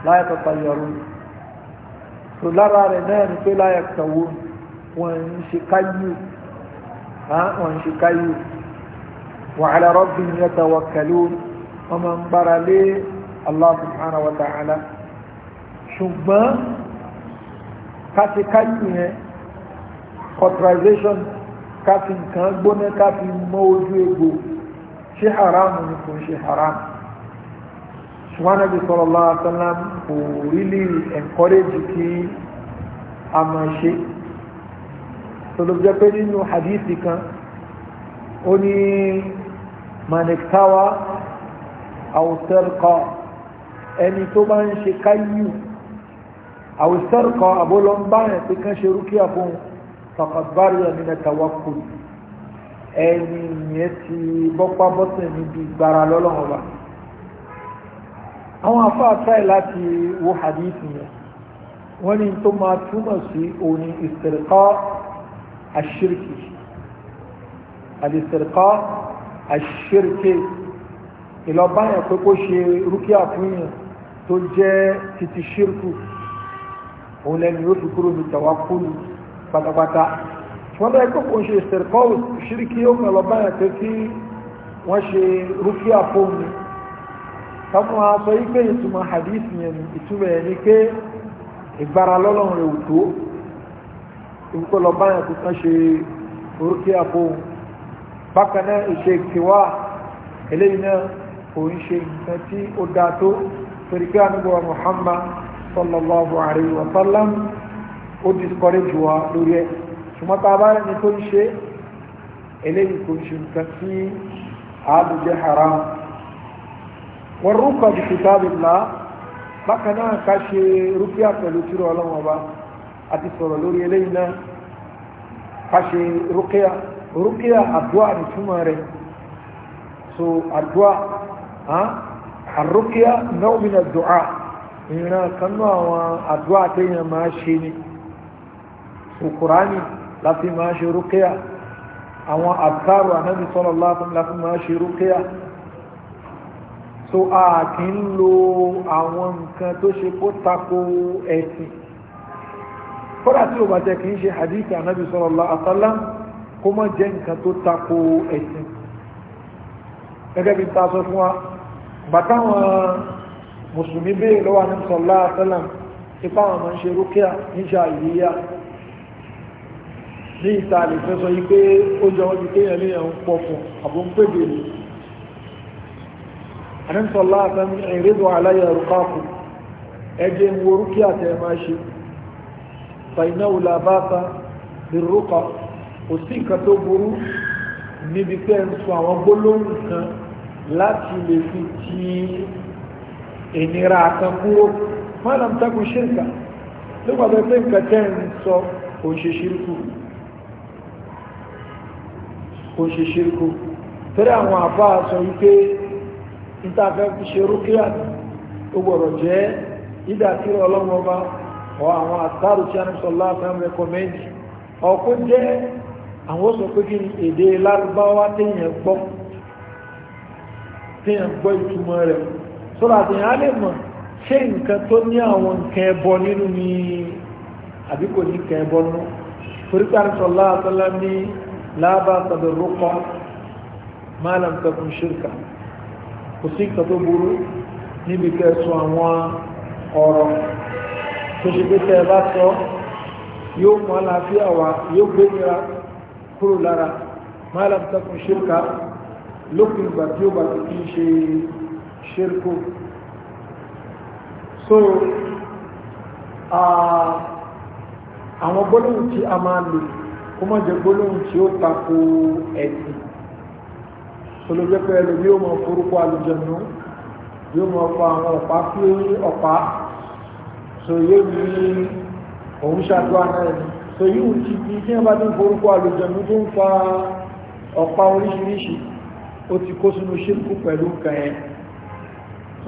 láyé pàpà yọrù tó lára rẹ̀ náà ni pé láyé kàwó wọn ń ṣe káyù wọn ń ṣe káyù wàhálà rọ́bì ni yẹta wà kàlú wọn máa ń gbára lé Allah subhanahu wa ta'ala ṣùgbọ́n káṣe káyù yẹn cauterization káfí nǹkan gbóná káfí mọ́ ojú egbò ṣé haramu ni kò ṣe haramu ṣùgbọ́n nàbí sallallahu alaihi wasallam kò rílì encourage kí a mọ̀ ṣe tolóbjẹ́ pé nínú hadithi kan ó ní maniktawa àwùsẹ́rkọ ẹni tó bá ń ṣe káyù àwùsẹ́rkọ àbólọ́mbáyàn pé kán ṣe rúkí àfún fàkàbárí àmìnà tawakkul ẹni yẹn ti bọ́pá bọ́sẹ̀ níbi gbára lọ́lọ́wọ́ báyìí àwọn afáàfáì láti wo hadith yẹn wọ́n ní tó máa túmọ̀ sí òní ìsìrìkọ́ àṣírìkì àdìsìrìkọ́ àṣírìkì ìlọ́bá yẹn pé kó ṣe rúkìá fún yẹn tó jẹ́ títí ṣírìkù òun lẹ́nu yóò fi kúrò ní tàwákùlù pátápátá wọ́n bá ẹ̀kọ́ kòun ṣe ìsìrìkọ́ ṣírìkì ó kàn lọ́bá yẹn pé kí wọ́n ṣe rúkìá fún yẹn kàmú aṣọ ike ìtumọ̀ hadith yẹn ni ìtumọ̀ yẹn ni pé ìgbára lọ́lọ́run rẹ̀ ò tó ìwúkọ́ lọ báyàn kò tán ṣe orúkẹ́ àfóhùn bákan náà ìṣe ìkẹwà eléyìí náà kò ń ṣe nǹkan tí ó dá tó torí pé ànúgbò Muhammad sallallahu alayhi wa sallam ó discourage wa lórí ẹ̀ ṣùgbọ́n tá a bá rẹ̀ ni tó ń ṣe eléyìí kò ń ṣe nǹkan tí àádùjẹ́ haram wọ́n rúkọ̀ bí kitabillah bákan náà ká ṣe rúkìá pẹ̀lú tírà ọlọ́run ọba àti sọ̀rọ̀ lórí eléyìí náà ká ṣe rúkìá rúkìá àdúrà nìtúmọ̀ rẹ̀ so àdúrà àrúkìá náà mi nà dùá ìran kanú àwọn àdúrà téèyàn máa ṣe ni sùkúránì láti máa ṣe rúkìá àwọn àtàrò ànábì láti máa ṣe rúkìá so a kì ń lo àwọn nǹkan tó ṣe kó tako ẹ̀sìn kódà tí o bá tẹ kì ṣe hadith anabi sallallahu alaihi wasallam kó má jẹ́ nǹkan tó tako ẹ̀sìn gẹ́gẹ́ bí ta sọ fún wa bàtà mùsùlùmí bẹ́ẹ̀ lọ́wọ́ anabi sallallahu alaihi wasallam ipa àwọn ọmọ ń ṣe rúkíà níṣà ìyíyá ní ìta lè fẹ́ sọ yí pé ó jọ wọ́n ti kéèyàn léèyàn ń pọ̀ fún àbò àníṣọ́lá àtàmì ìrìnrìnwó aláyà rúkàkù ẹjẹ́ ń wo rúkìá tẹ́ máa ṣe fàìnáwó làbáta bí rúkà kò sí nǹkan tó burú níbi pé ń sọ àwọn gbólóhùn kan láti lè fi ti ìnira kan kúrò mọ́nà takùn ṣírkà nígbàtọ̀ pé nǹkan tẹ́ ń sọ kò ṣe ṣírkù kò ṣe ṣírkù tẹ́rẹ àwọn àbá sọ wípé ìtafẹ́ fi ṣe rúkíà ó gbọ́dọ̀ jẹ́ ìdàkírọ̀ ọlọ́run ọba ọ àwọn àtàrù tí a ní sọ láàfẹ́ rẹkọmẹ́ndì ọkọ jẹ́ àwọn sọ pé kí ni èdè lárúbáwá téèyàn gbọ́ téèyàn gbọ́ ìtumọ̀ rẹ̀ sọ́dọ̀ àtẹ̀yìn á lè mọ̀ ṣé nǹkan tó ní àwọn nǹkan ẹbọ nínú ni àbí kò ní nǹkan ẹbọ nínú torí láàfẹ́ lábàá tàbí rúkọ máa tẹkùn ṣírkà kò sí nǹkan tó burú níbi kẹsùn àwọn ọ̀rọ̀ tó ṣe pé tẹ́ ẹ bá sọ yóò mú àlàáfíà wá yóò gbé nira kúrò lára máa lábùtàkùn ṣírka lópin ìgbà tí ó bá ti kí ṣe ṣírkù so àwọn gbólóhùn tí a máa lò kó má jẹ gbólóhùn tí ó tako ẹ̀sìn olójẹ́ pé ẹlò yóò mọ forúkọ àlùjànnú yóò mọ fọ àwọn ọ̀pá fí ọ̀pá so yóò ní òun ṣàdúrà náà ẹni so yóò ti di tí wọ́n bá ní forúkọ àlùjànnú tó ń fa ọ̀pá oríṣiríṣi ó ti kó sínú ṣírkù pẹ̀lú nǹkan ẹ̀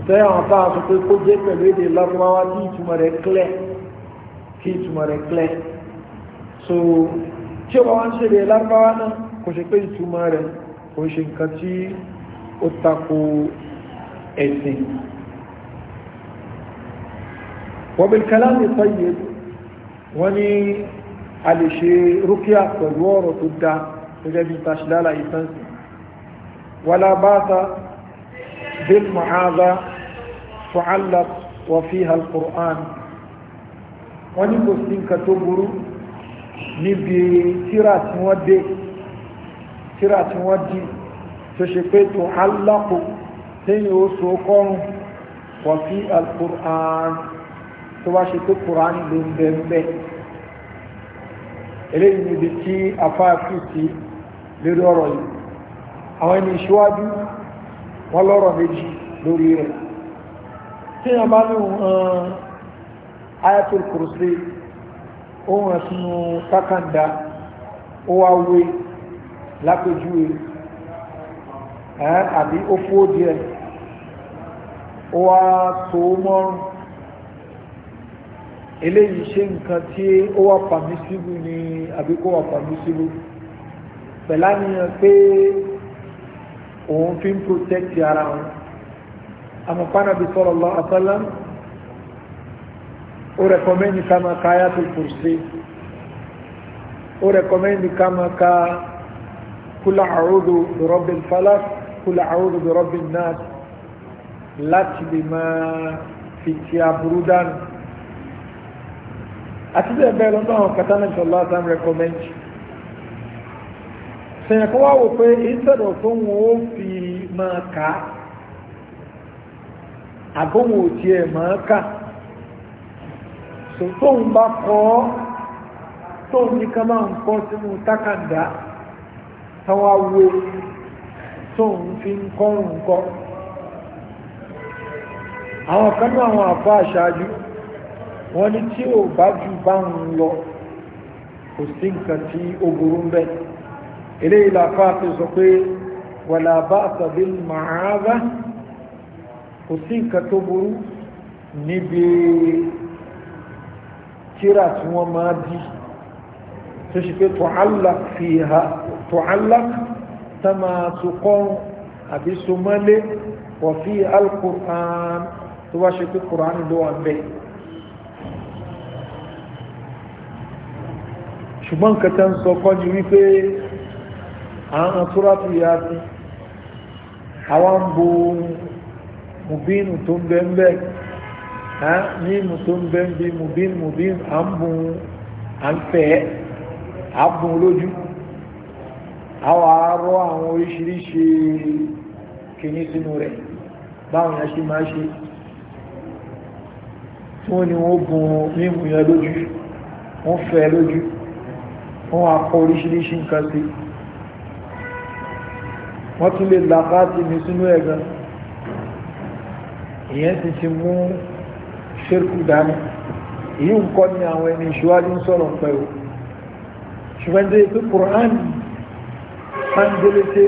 tẹ́ àwọn tá a sọ pé kó jẹ́ pẹ̀lú èdè lárúbáwá tí ìtumọ̀ rẹ̀ clear kí ìtumọ̀ rẹ̀ clear so tí ó bá wá ń ṣe èdè lárúbáwá náà kò ṣe pé ìtumọ̀ rẹ̀ kò ṣe nǹkan tí ó tako ẹ̀sìn wọ́n bí kaláàmì sáyé wọ́n ní a lè ṣe rúkíà pẹ̀lú ọ̀rọ̀ tó dá gẹ́gẹ́ bí tàṣílára ìsánsìn wọ́n lábáta bí ma'áza fa'allá wọ́n fi halkur'an wọ́n ní kò sí nǹkan tó burú níbi tíra tí wọ́n dé tíra tí wọ́n di tó ṣe pé tó alápò téyìn ó so kọ́rùn wọ́n fi alkùrán tó wá ṣe pé kùrán ló ń bẹ ń bẹ eléyìí níbi tí afáàfù ti lórí ọ̀rọ̀ yìí àwọn ẹni ìṣíwájú wọ́n lọ́rọ̀ méjì lórí rẹ̀ tí a bá ní ohun ayatul ohun ẹ̀sùn takanda ó wá wé lápèjúwe àbí ó fó díẹ̀ ó wá tó mọ́rùn eléyìí ṣe nǹkan tí ó wà pàmísíbù ni àbí kó wà pàmísíbù pẹ̀lá nìyàn pé òun fi ń protect ara wọn amọ̀pánà bí sallallahu alaihi wasallam ó rẹ̀kọ́mẹ́ndì ká máa ka ayatul kursi ó rẹ̀kọ́mẹ́ndì ká máa ka كل àrùdù rọ́bì falak كل àrùdù rọ́bì الناس láti lè máa fi ti aburú dànù àti bẹ́ẹ̀ bẹ́ẹ̀ lọ́nà àwọn katana ìṣọ̀lá sam recommend sèyàn kan wá wò pé instead of tó wọn ó fi máa kà á àbóhùn ò tiẹ̀ máa kà so tóun bá kọ́ tóun ní ká máa ń kọ́ sínú tákàndá táwọn awo tóun fi ń kọrùn nǹkan àwọn kan náà àwọn àfá àṣáájú wọ́n ní tí ò bá jù bá ń lọ kò sí nǹkan tí ó burú ń bẹ ilé ìlàfà ti sọ pé wàlà bá àtàbí màáza kò sí nǹkan tó burú níbi tíra tí wọ́n máa dí tó ṣe pé tó hálà fi ha تعلق كما تقوم أبي سمالي وفي القرآن تواشك القرآن دوان به ṣùgbọ́n kẹta ń sọ kọ́ ni wípé àwọn túrátù yá sí àwọn ń bo mùbínù tó ń bẹ́ ń bẹ́ tó ń bẹ́ bí mùbínù mùbínù à ń bùn à ń fẹ́ à ń bùn lójú àwọn àárọ̀ àwọn oríṣiríṣi kìíní sínú rẹ̀ báwọn yẹn ṣe máa ṣe tí wọ́n ni wọ́n gun mímu yẹn lójú wọ́n fẹ́ lójú wọ́n wá kọ oríṣiríṣi nǹkan sí wọ́n tún lè làkàtì mi sínú ẹ̀ gan ìyẹn sì ti mú ṣírkù dání èyí ń kọ́ ní àwọn ẹni ìṣíwájú ń sọ̀rọ̀ pẹ̀lú ṣùgbọ́n tí Kùránì pangolete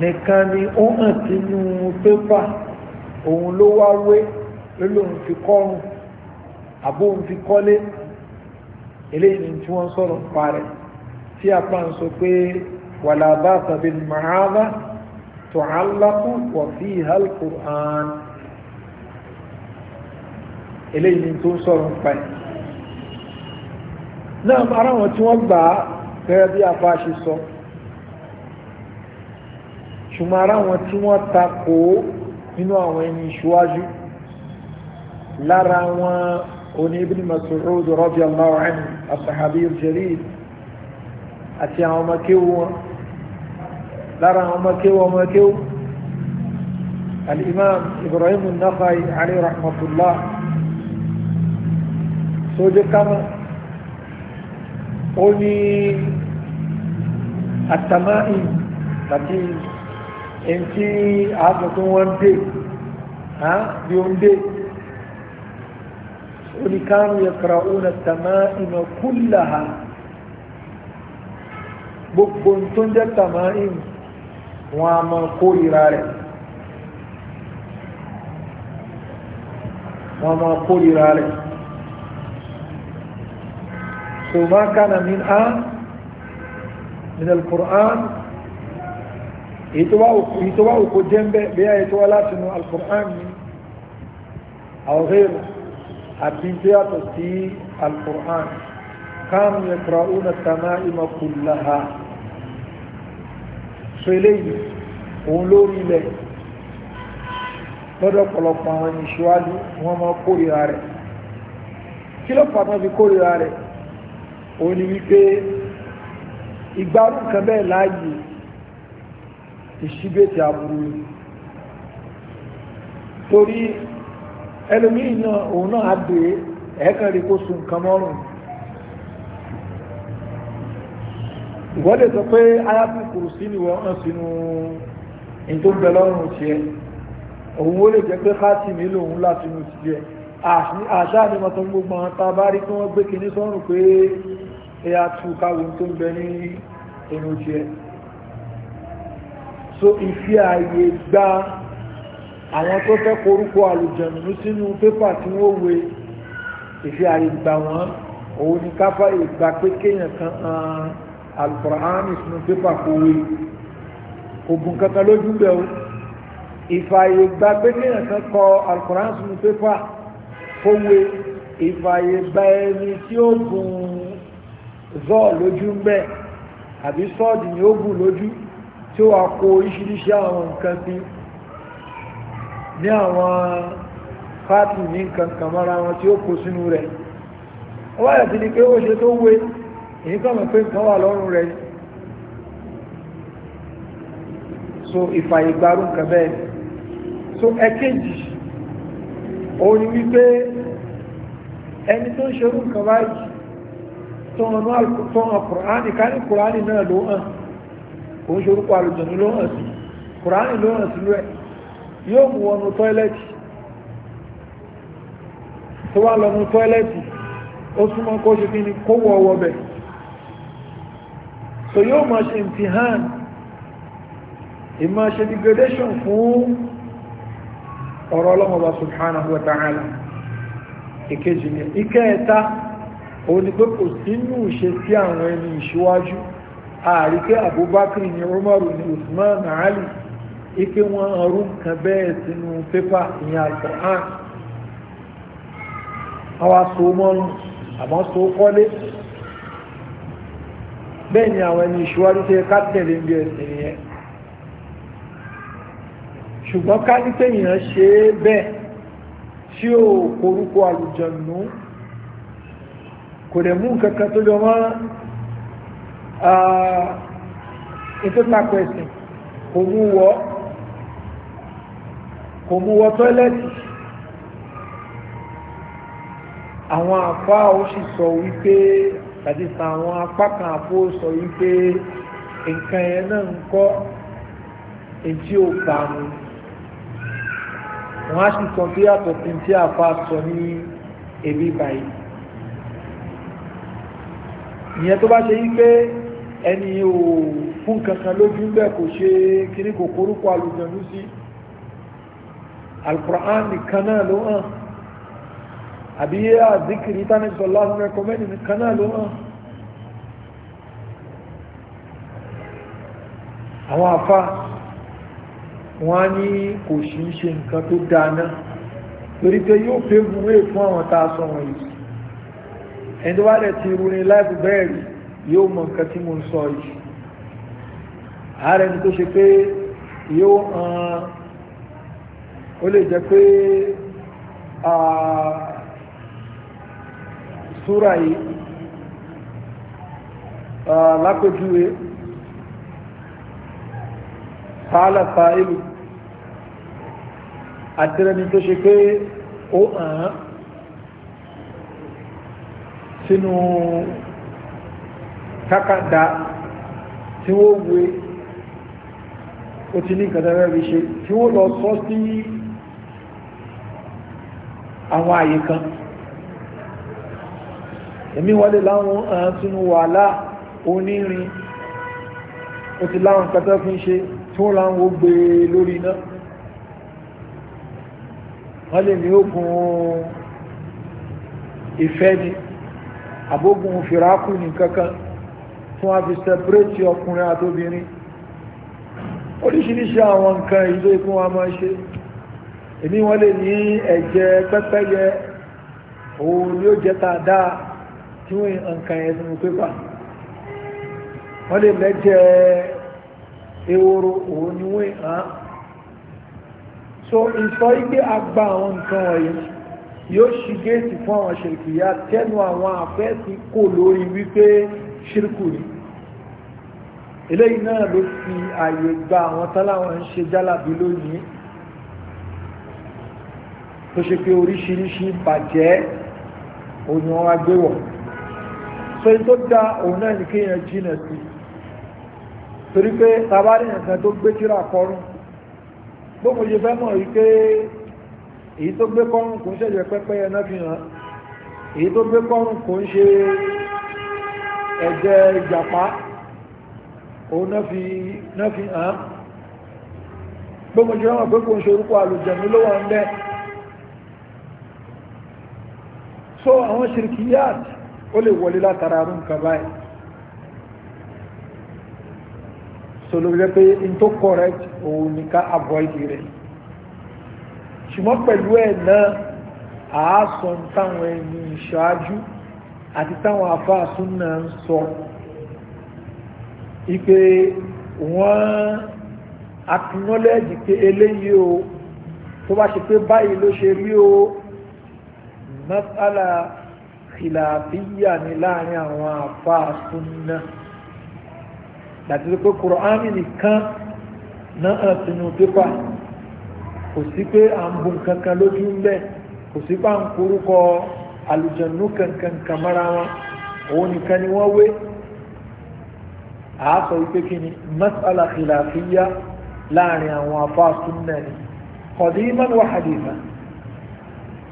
nìkan ni ó hàn sínú pépà òun ló wá wé lóun fi kọrùn àbóun fi kọ́lé eléyìí tí wọ́n sọ̀rọ̀ pa rẹ̀ tí a pa ń sọ pé wàlá bá tàbí màáda tó alákù wà fi hàlùkù hàn eléyìí tó ń sọ̀rọ̀ pa ẹ̀. náà ara wọn tí wọ́n gbà á gẹ́gẹ́ bí a ṣe sọ. So ṣùgbọ́n ara wọn tí wọ́n ta kò ó nínú àwọn ẹni ìṣíwájú lára wọn oní ibn Mas'ud radiyallahu anhu as-sahabi al-jalil àti àwọn ọmọkéwu wọn lára àwọn ọmọkéwu ọmọkéwu al ibrahim an-Nakhai rahmatullah sójú kama ó àtàmáì tàbí ẹni tí a sọ pé wọ́n dé bí ó ń dé oníkanu yaqra'una tama'ima kullaha gbogbo tó ń jẹ́ tama'im wọn a máa kórìíra rẹ̀ wọn a máa kórìíra rẹ̀ so ma kana min a min al-Qur'an èyí tó wá òkò jẹ́ ń bẹ́ bẹ́yà èyí tó wá láti inú alkùnrán ní àwọ̀rẹ́rù àti tó yàtọ̀ sí alkùnrán káàmù ẹ̀kùnrán òun tàmá ìmọ̀ kùlàhà so eléyìí òun lórí ilẹ̀ lọ́dọ̀ pọ̀lọpọ̀ àwọn ìṣíwájú wọn máa kórìíra rẹ̀ kí ló fà máa fi rẹ̀ òun ni wípé ìgbárùn kan bẹ́ẹ̀ láàyè ìṣígbètì aburú torí ẹlòmíì náà òun náà á dé ẹ̀ẹ́kan rí kó sun nǹkan mọ́rùn ìwọ́lẹ̀ sọ pé ayábí kùrù sí ni wọ́n hàn sínú in tó ń bẹ lọ́rùn tiẹ̀ òun ó lè jẹ́ pé káàtì mi lòun látinú tiẹ̀ àṣà ni mo tó ń gbogbo àwọn tá a rí kí wọ́n gbé kinní sọ́rùn pé ẹ̀yà tù káwọn tó ń bẹ ní inú tiẹ̀ so ìfi ààyè gba àwọn tó fẹ́ korúkọ àlùjẹ̀nù sínú pépà tí wọ́n wé ìfi ààyè gbà wọ́n òun ni káfá ìgbà pé kéèyàn kan han alukọ̀ránì sínú pépà kó wé kò bùn kankan lójú bẹ́ẹ̀ o ìfààyè gba pé kéèyàn kan kọ alukọ̀ránì sínú pépà kó wé ìfààyè gba ẹni tí ó bùn zọ́ọ̀ lójú ń bẹ́ẹ̀ àbí sọ́ọ̀dì ni ó bùn lójú tí ó wà kó oríṣiríṣi àwọn nǹkan sí ní àwọn pàtì ní nǹkan kan mọ́ra wọn tí ó kó sínú rẹ̀ ó wáyà sí ni pé ó ṣe tó wé èyí kàn mọ̀ pé nǹkan wà lọ́rùn rẹ̀ so ìfàyè gbarú nǹkan bẹ́ẹ̀ so ẹ̀kejì òun ni wípé ẹni tó ń ṣerú nǹkan báyìí tó hàn ní kùránì náà ló hàn kò ń ṣorúkọ àlùjọ̀nù ló hàn sí kùránì ló hàn sí lóẹ̀ yóò mú wọnú tọ́ẹ̀lẹ̀tì tó wá lọ́nu tọ́ẹ̀lẹ̀tì ó súnmọ́ kó ṣe kí ni kó wọ ọwọ́ bẹ̀ so yóò máa ṣe imtihan ṣe degradation fún ọ̀rọ̀ ọlọ́mọba subhanahu wa ta'ala ìkẹta òun ni pé kò sínú ìṣe sí àwọn ẹni ìṣíwájú àríkẹ́ abubakar ni umaru ni usman ali ike wọn ọrún nǹkan bẹ́ẹ̀ sínú pépà ìyẹn alquran àwọn aṣọ mọ́rún àmọ́ so kọ́lé bẹ́ẹ̀ ni àwọn ẹni ìṣúwárí tẹ ká ń bí ẹ̀sìn yẹn ṣùgbọ́n ká ní ṣe é bẹ́ẹ̀ tí ó korúkọ àlùjọ̀nù kò dẹ̀ mú nǹkan kan tó jọ Ah, ètò tako ẹ̀sìn kò mú wọ kò mú wọ tọ́ẹ̀lẹ̀tì àwọn àpá ó sì sọ wípé tàbí àwọn apá kan àpò sọ wípé nǹkan yẹn náà ń kọ́ èjì ò bá mu wọ́n á sì sọ bí àtọ̀tún tí àpá sọ ní èbí báyìí ìyẹn tó bá ṣe yí pé ẹni ò fún kankan lójú bẹ́ kò ṣe kíní kò korúkọ àlùjọ̀nú sí alukur'an nìkan náà ló hàn àbí àzíkìrì tánà sọlá ń rẹkọmẹ́ndì nìkan náà ló hàn àwọn afá wọn á ní kò sí ń ṣe nǹkan tó dáná torí pé yóò pé buwé fún àwọn tá a sọ wọ̀nyí ẹni tó bá dẹ̀ ti rúni láìpẹ́ bẹ́ẹ̀ rí yóò mọ nǹkan tí mo ń sọ yìí ààrẹ ni tó ṣe pé yóò hàn ó lè jẹ́ pé súra yìí lápèjúwe fàálà fàáìlù àtẹ́rẹni tó ṣe pé ó hàn sínú kákàndá tí wọ́n wé ó ti ní ìkàtàrẹ́ rí ṣe tí wọ́n lọ sọ sí àwọn àyè kan èmi wọlé láwọn àwọn tínú wàhálà onírin ó ti láwọn kàtà fi ń ṣe tí wọ́n láwọn gbé e lórí iná wọ́n lè ní ogun ìfẹ́ ni àbógun fìrákù ní kankan fún àti sẹpẹrẹtì ọkùnrin àtòbìnrin oríṣiríṣi àwọn nǹkan ìlú ikú wa máa ṣe èmi wọn lè ní ẹ̀jẹ̀ pẹ́pẹ́yẹ òun ni ó jẹ́ tá a dáa tí wọ́n yàn nǹkan yẹn sínú pépà wọ́n lè lẹ́jẹ̀ ehoro òun ni wọ́n yàn so ìsọ igbe àgbà àwọn nǹkan wọ̀nyí yóò ṣì géètì fún àwọn ṣèkìyà tẹnu àwọn àfẹ́sí kò lórí wípé ṣírkù ni eléyìí náà ló fi ààyè gba àwọn táláwọn ń ṣe jálàbí lónìí tó ṣe pé oríṣiríṣi bàjẹ́ òní agbéwọ̀ so tó dá òun náà ní kéèyàn jìnà sí torí pé tabari nǹkan tó gbé tíra kọrùn gbogbo ṣe fẹ́ mọ̀ wípé èyí tó gbé kọrùn kò ń ṣẹ̀jẹ̀ pẹ́pẹ́yẹ náà fi hàn èyí tó gbé kọrùn kò ń ṣe ẹ̀jẹ̀ ìjàpá òun náà fi hàn gbọ́mọ̀jọ́ wọn pé kò ń ṣe orúkọ àlùjẹ̀mí ló wà ń bẹ́ so àwọn ṣirkiyat ó lè wọlé látara rún kaba ẹ̀ so ló rẹ̀ pé in tó correct òun ní ká avoid rẹ̀ ṣùgbọ́n pẹ̀lú ẹ̀ náà àásọ̀ táwọn ẹni ìṣáájú àti táwọn afáà súnà ń sọ ipe wọ́n acknowledge pé eléyìí o tó bá ṣe pé báyìí ló ṣe rí o masala khilafiyya ni láàrin àwọn afáà súnà láti pé kùránì nìkan náà tinú pépà kò sí pé à ń lójú ń bẹ kò sí pé ń korúkọ àlùjànnú kankan kàmọ́ra wọn òun nìkan ni wọ́n wé àásọ wípé kí ni masala khilafiyya láàrin àwọn afá súnnà ni qadiman wa hadithan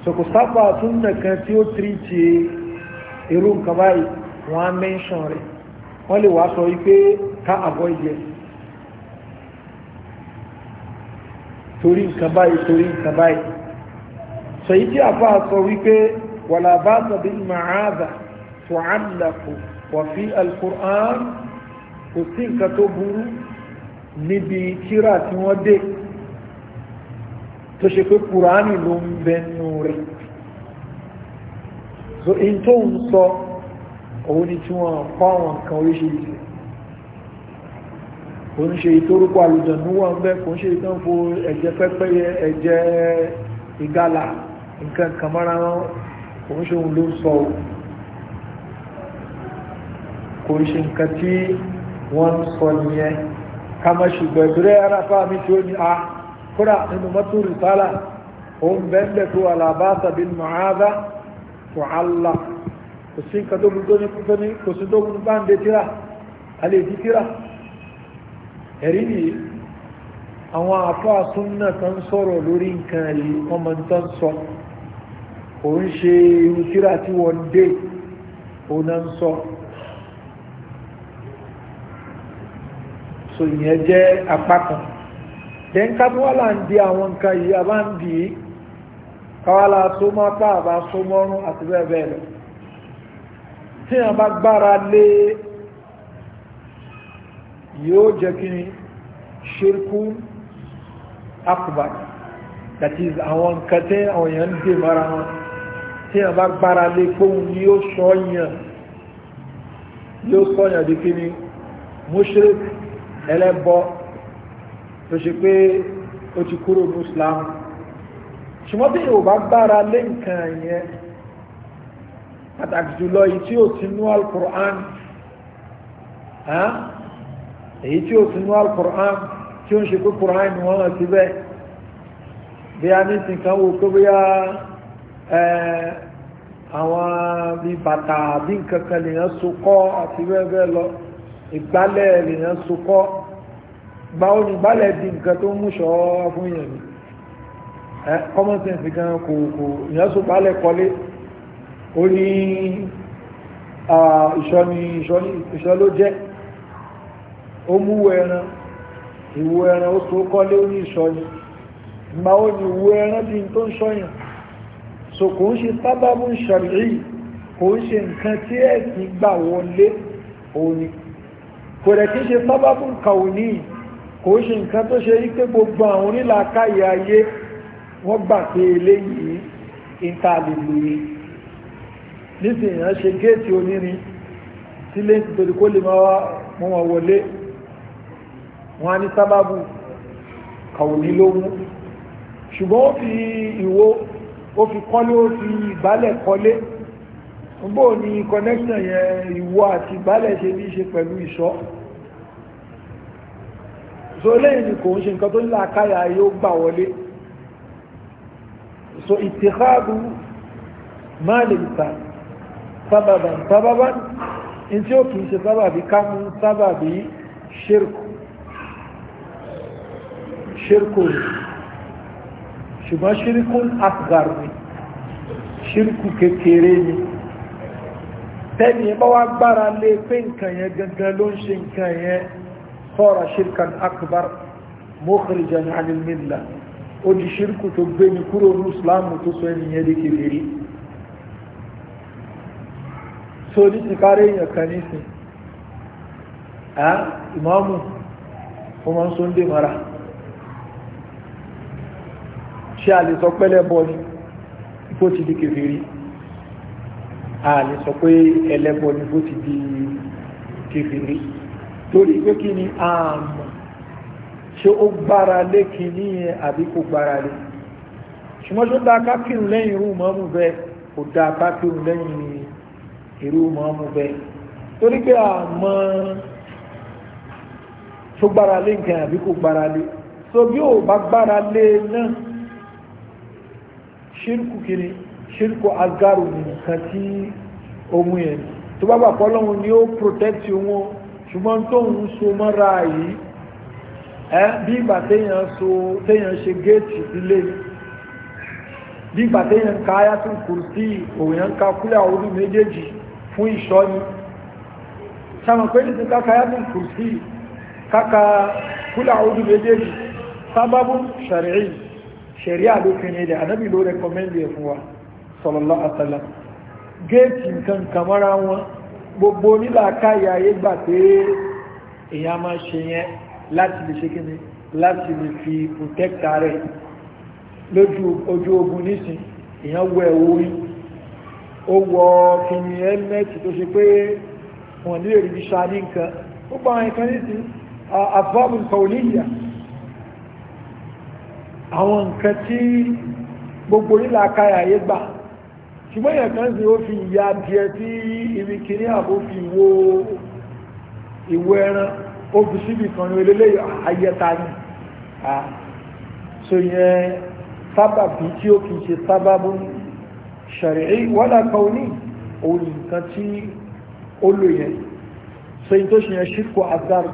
sọkò sábà súnnà kan tí ó tìrìtì irú nǹkan báyìí wọ́n á mẹ́ńṣàn rẹ̀ wọ́n lè wá sọ wípé ká avoid yẹn torí nǹkan báyìí torí nǹkan báyìí sọ yìí tí àfáà sọ wípé ولا باس بالمعاذة تعلق وفي القرآن وسين كتبه نبي كرات ودي تشكو القرآن لهم بنوري so in tó ń sọ òun ni tí wọ́n pa àwọn nǹkan oríṣiríṣi kò ń ṣe ìtorúkọ àlùjọ̀nú wà ń bẹ́ kò ń ṣe ìtàn ẹ̀jẹ̀ pẹ́pẹ́yẹ ẹ̀jẹ̀ ìgalà nǹkan kàmára kò ń ṣe òun ló sọ o kò ń ṣe nǹkan tí wọ́n ń sọ nìyẹn ká má ṣùgbọ́n ìbúrẹ́ aráfà mi tí ó ní a ah, kódà nínú mọ́tò rìsálà òun bẹ́ẹ̀ tó alábáṣà bíi mọ̀háza tó àlà kò sí nǹkan tó gbogbo ní kúkọ́ ní kò sí tó gbogbo bá ń de tíra alẹ́ ìdí tíra ẹ̀rí nìyí àwọn àfáà súnnà kan sọ̀rọ̀ lórí nǹkan yìí wọ́n máa ń tán sọ kò ń ṣe irú tíra tí wọ́n dé òun náà ń sọ so ìyẹn jẹ́ apá kan then kábúwálà ń di àwọn nǹkan yìí a bá ń dì í káwálà tó máa pa àbá tó mọ́rún àti bẹ́ẹ̀ bẹ́ẹ̀ lọ tí a bá gbára lé yóò jẹ́ kí ni ṣirkú akbar that is àwọn nǹkan tí àwọn èèyàn ń dè mara wọn tí a bá gbára lé póhun ni ó sọ́yàn yóò sọ́yàn di kí ni mushrik ẹlẹ́bọ tó ṣe pé ó ti kúrò ní islam ṣùgbọ́n bí yóò bá gbára lé nǹkan yẹn pàtàkì jùlọ èyí tí ó ti nú alukur'an èyí tí ó ti nú alukur'an tí ó ń ṣe pé kur'an ni wọ́n ti bẹ́ẹ̀ bí a ní sìnkan wo tó bí àwọn bí bàtà àbí nǹkan kan lèèyàn so kọ́ àti bẹ́ẹ̀ lọ ìgbálẹ̀ lèèyàn so kọ́ báwo ni ìgbálẹ̀ di nǹkan tó ń mú ṣọ́ fún yẹn ni common sense gan kò kò èèyàn so gbálẹ̀ kọ́lé ó ní ìṣọ́ni ìṣọ́ ló jẹ́ ó mú ẹran ìwo ẹran ó so kọ́lé ó ní ìṣọ́ni ìgbà ó ìwo ẹran bí n tó ń ṣọ́yàn so kò ń ṣe sábàbù ṣàríì kò ń ṣe nǹkan tí ẹ̀sìn gbà wọlé òní kò rẹ̀ kí ń ṣe sábàbù kàwùní kò ń ṣe nǹkan tó ṣe rí pé gbogbo àwọn onílàákàyè ayé wọ́n gbà pé eléyìí ìta lè lòye nísìnyí a ṣe géètì onírin sílé nítorí kó lè máa mọ́ wọn wọlé wọn á ní sábàbù kàwùní lóhun ṣùgbọ́n fi ìwo ó fi kọ́lé ó fi ìbálẹ̀ kọ́lé bó ni connection yẹn ìwọ àti ìbálẹ̀ ṣe ní ṣe pẹ̀lú ìṣọ́ so lẹ́yìn ni kò ń ṣe nǹkan tó ní làákàyà yóò gbà wọlé so ìtìkáàbù máa lè ta sábàbà sábàbà in tí ó kìí ṣe sábàbí kámú sábàbí ṣírkù ṣírkù ṣùgbọ́n ṣírkù asgar ṣírkù kékeré ni tẹ́ni bá wá gbára lé pé nǹkan yẹn gangan ló ń ṣe nǹkan yẹn sọ́ra ṣírkan akbar mukhrijan anil millah ó di ṣírkù tó gbé ní kúrò ní islam tó sọ ẹniyẹn di kèfèrí so ní ti kárí èèyàn kan nísìn ìmáàmù ó máa ń sọ ń dè mara ṣe àlè sọ pẹ́lẹ́ bọ́ ni bó ti di kèfèrí a lè sọ pé ẹlẹ́bọ ni bó ti di kèfèrí torí pé kí ni àmọ́ ṣé ó gbára lé kìíní yẹn àbí kò gbára lé ṣùgbọ́n tó dáa ká kírun lẹ́yìn irú mọ́mú bẹ́ẹ̀ kò dáa ká kírun lẹ́yìn irú mọ́mú bẹ́ẹ̀ torí pé àmọ́ tó gbára lé nǹkan àbí kò gbára lé so bí ò bá gbára lé náà ṣírkù kiri ṣírkù agaru nìkan tí ohun yẹn tó bá gbà pọ́ ni ó protect wọn ṣùgbọ́n tó ń so mọ́ra yìí ẹ bí ìgbà téèyàn so téèyàn ṣe géètì ilé bí ìgbà téèyàn ka ayatul kursi òyìn ka kúlẹ̀ àwọn ọdún méjèèjì fún ìṣọ́ni sáwọn pé nítorí káka ayatul kursi káka kúlẹ̀ àwọn méjèèjì sábàbù ṣàrí'í ṣẹ̀ríà ló fi ní ilẹ̀ anábì ló rẹkọmẹ́ndì ẹ̀ fún wa sallallahu alaihi wasallam géètì nǹkan kàmọ́ra wọn gbogbo nílà káyà ayé gbà pé èèyàn máa ṣe yẹn láti lè ṣe kíni láti lè fi protecta rẹ̀ lójú ojú ogun nísìn èèyàn wọ ẹ̀wọ̀ orí ó wọ kíni ẹ́mẹ́tì tó ṣe pé wọ́n nílò ìrìnṣà ní nǹkan ó gba àwọn ìkan nísìn àfọ́ọ̀mù kọ̀ọ̀lì ìyà àwọn nǹkan tí gbogbo orílẹ̀ akáyà ayé gbà ṣùgbọ́n èèyàn kan sì ó fi ìyá adìẹ tí ibi kìíní àbó fi wo ìwo ẹran ó fi síbi kan ní eléyìí ayẹta ni so yẹn sábàbí tí ó kìí ṣe sábàbù ṣàrí'í wọ́lá kan ní òun nǹkan tí ó lò yẹn so yìí tó ṣe yẹn ṣíkò àdárù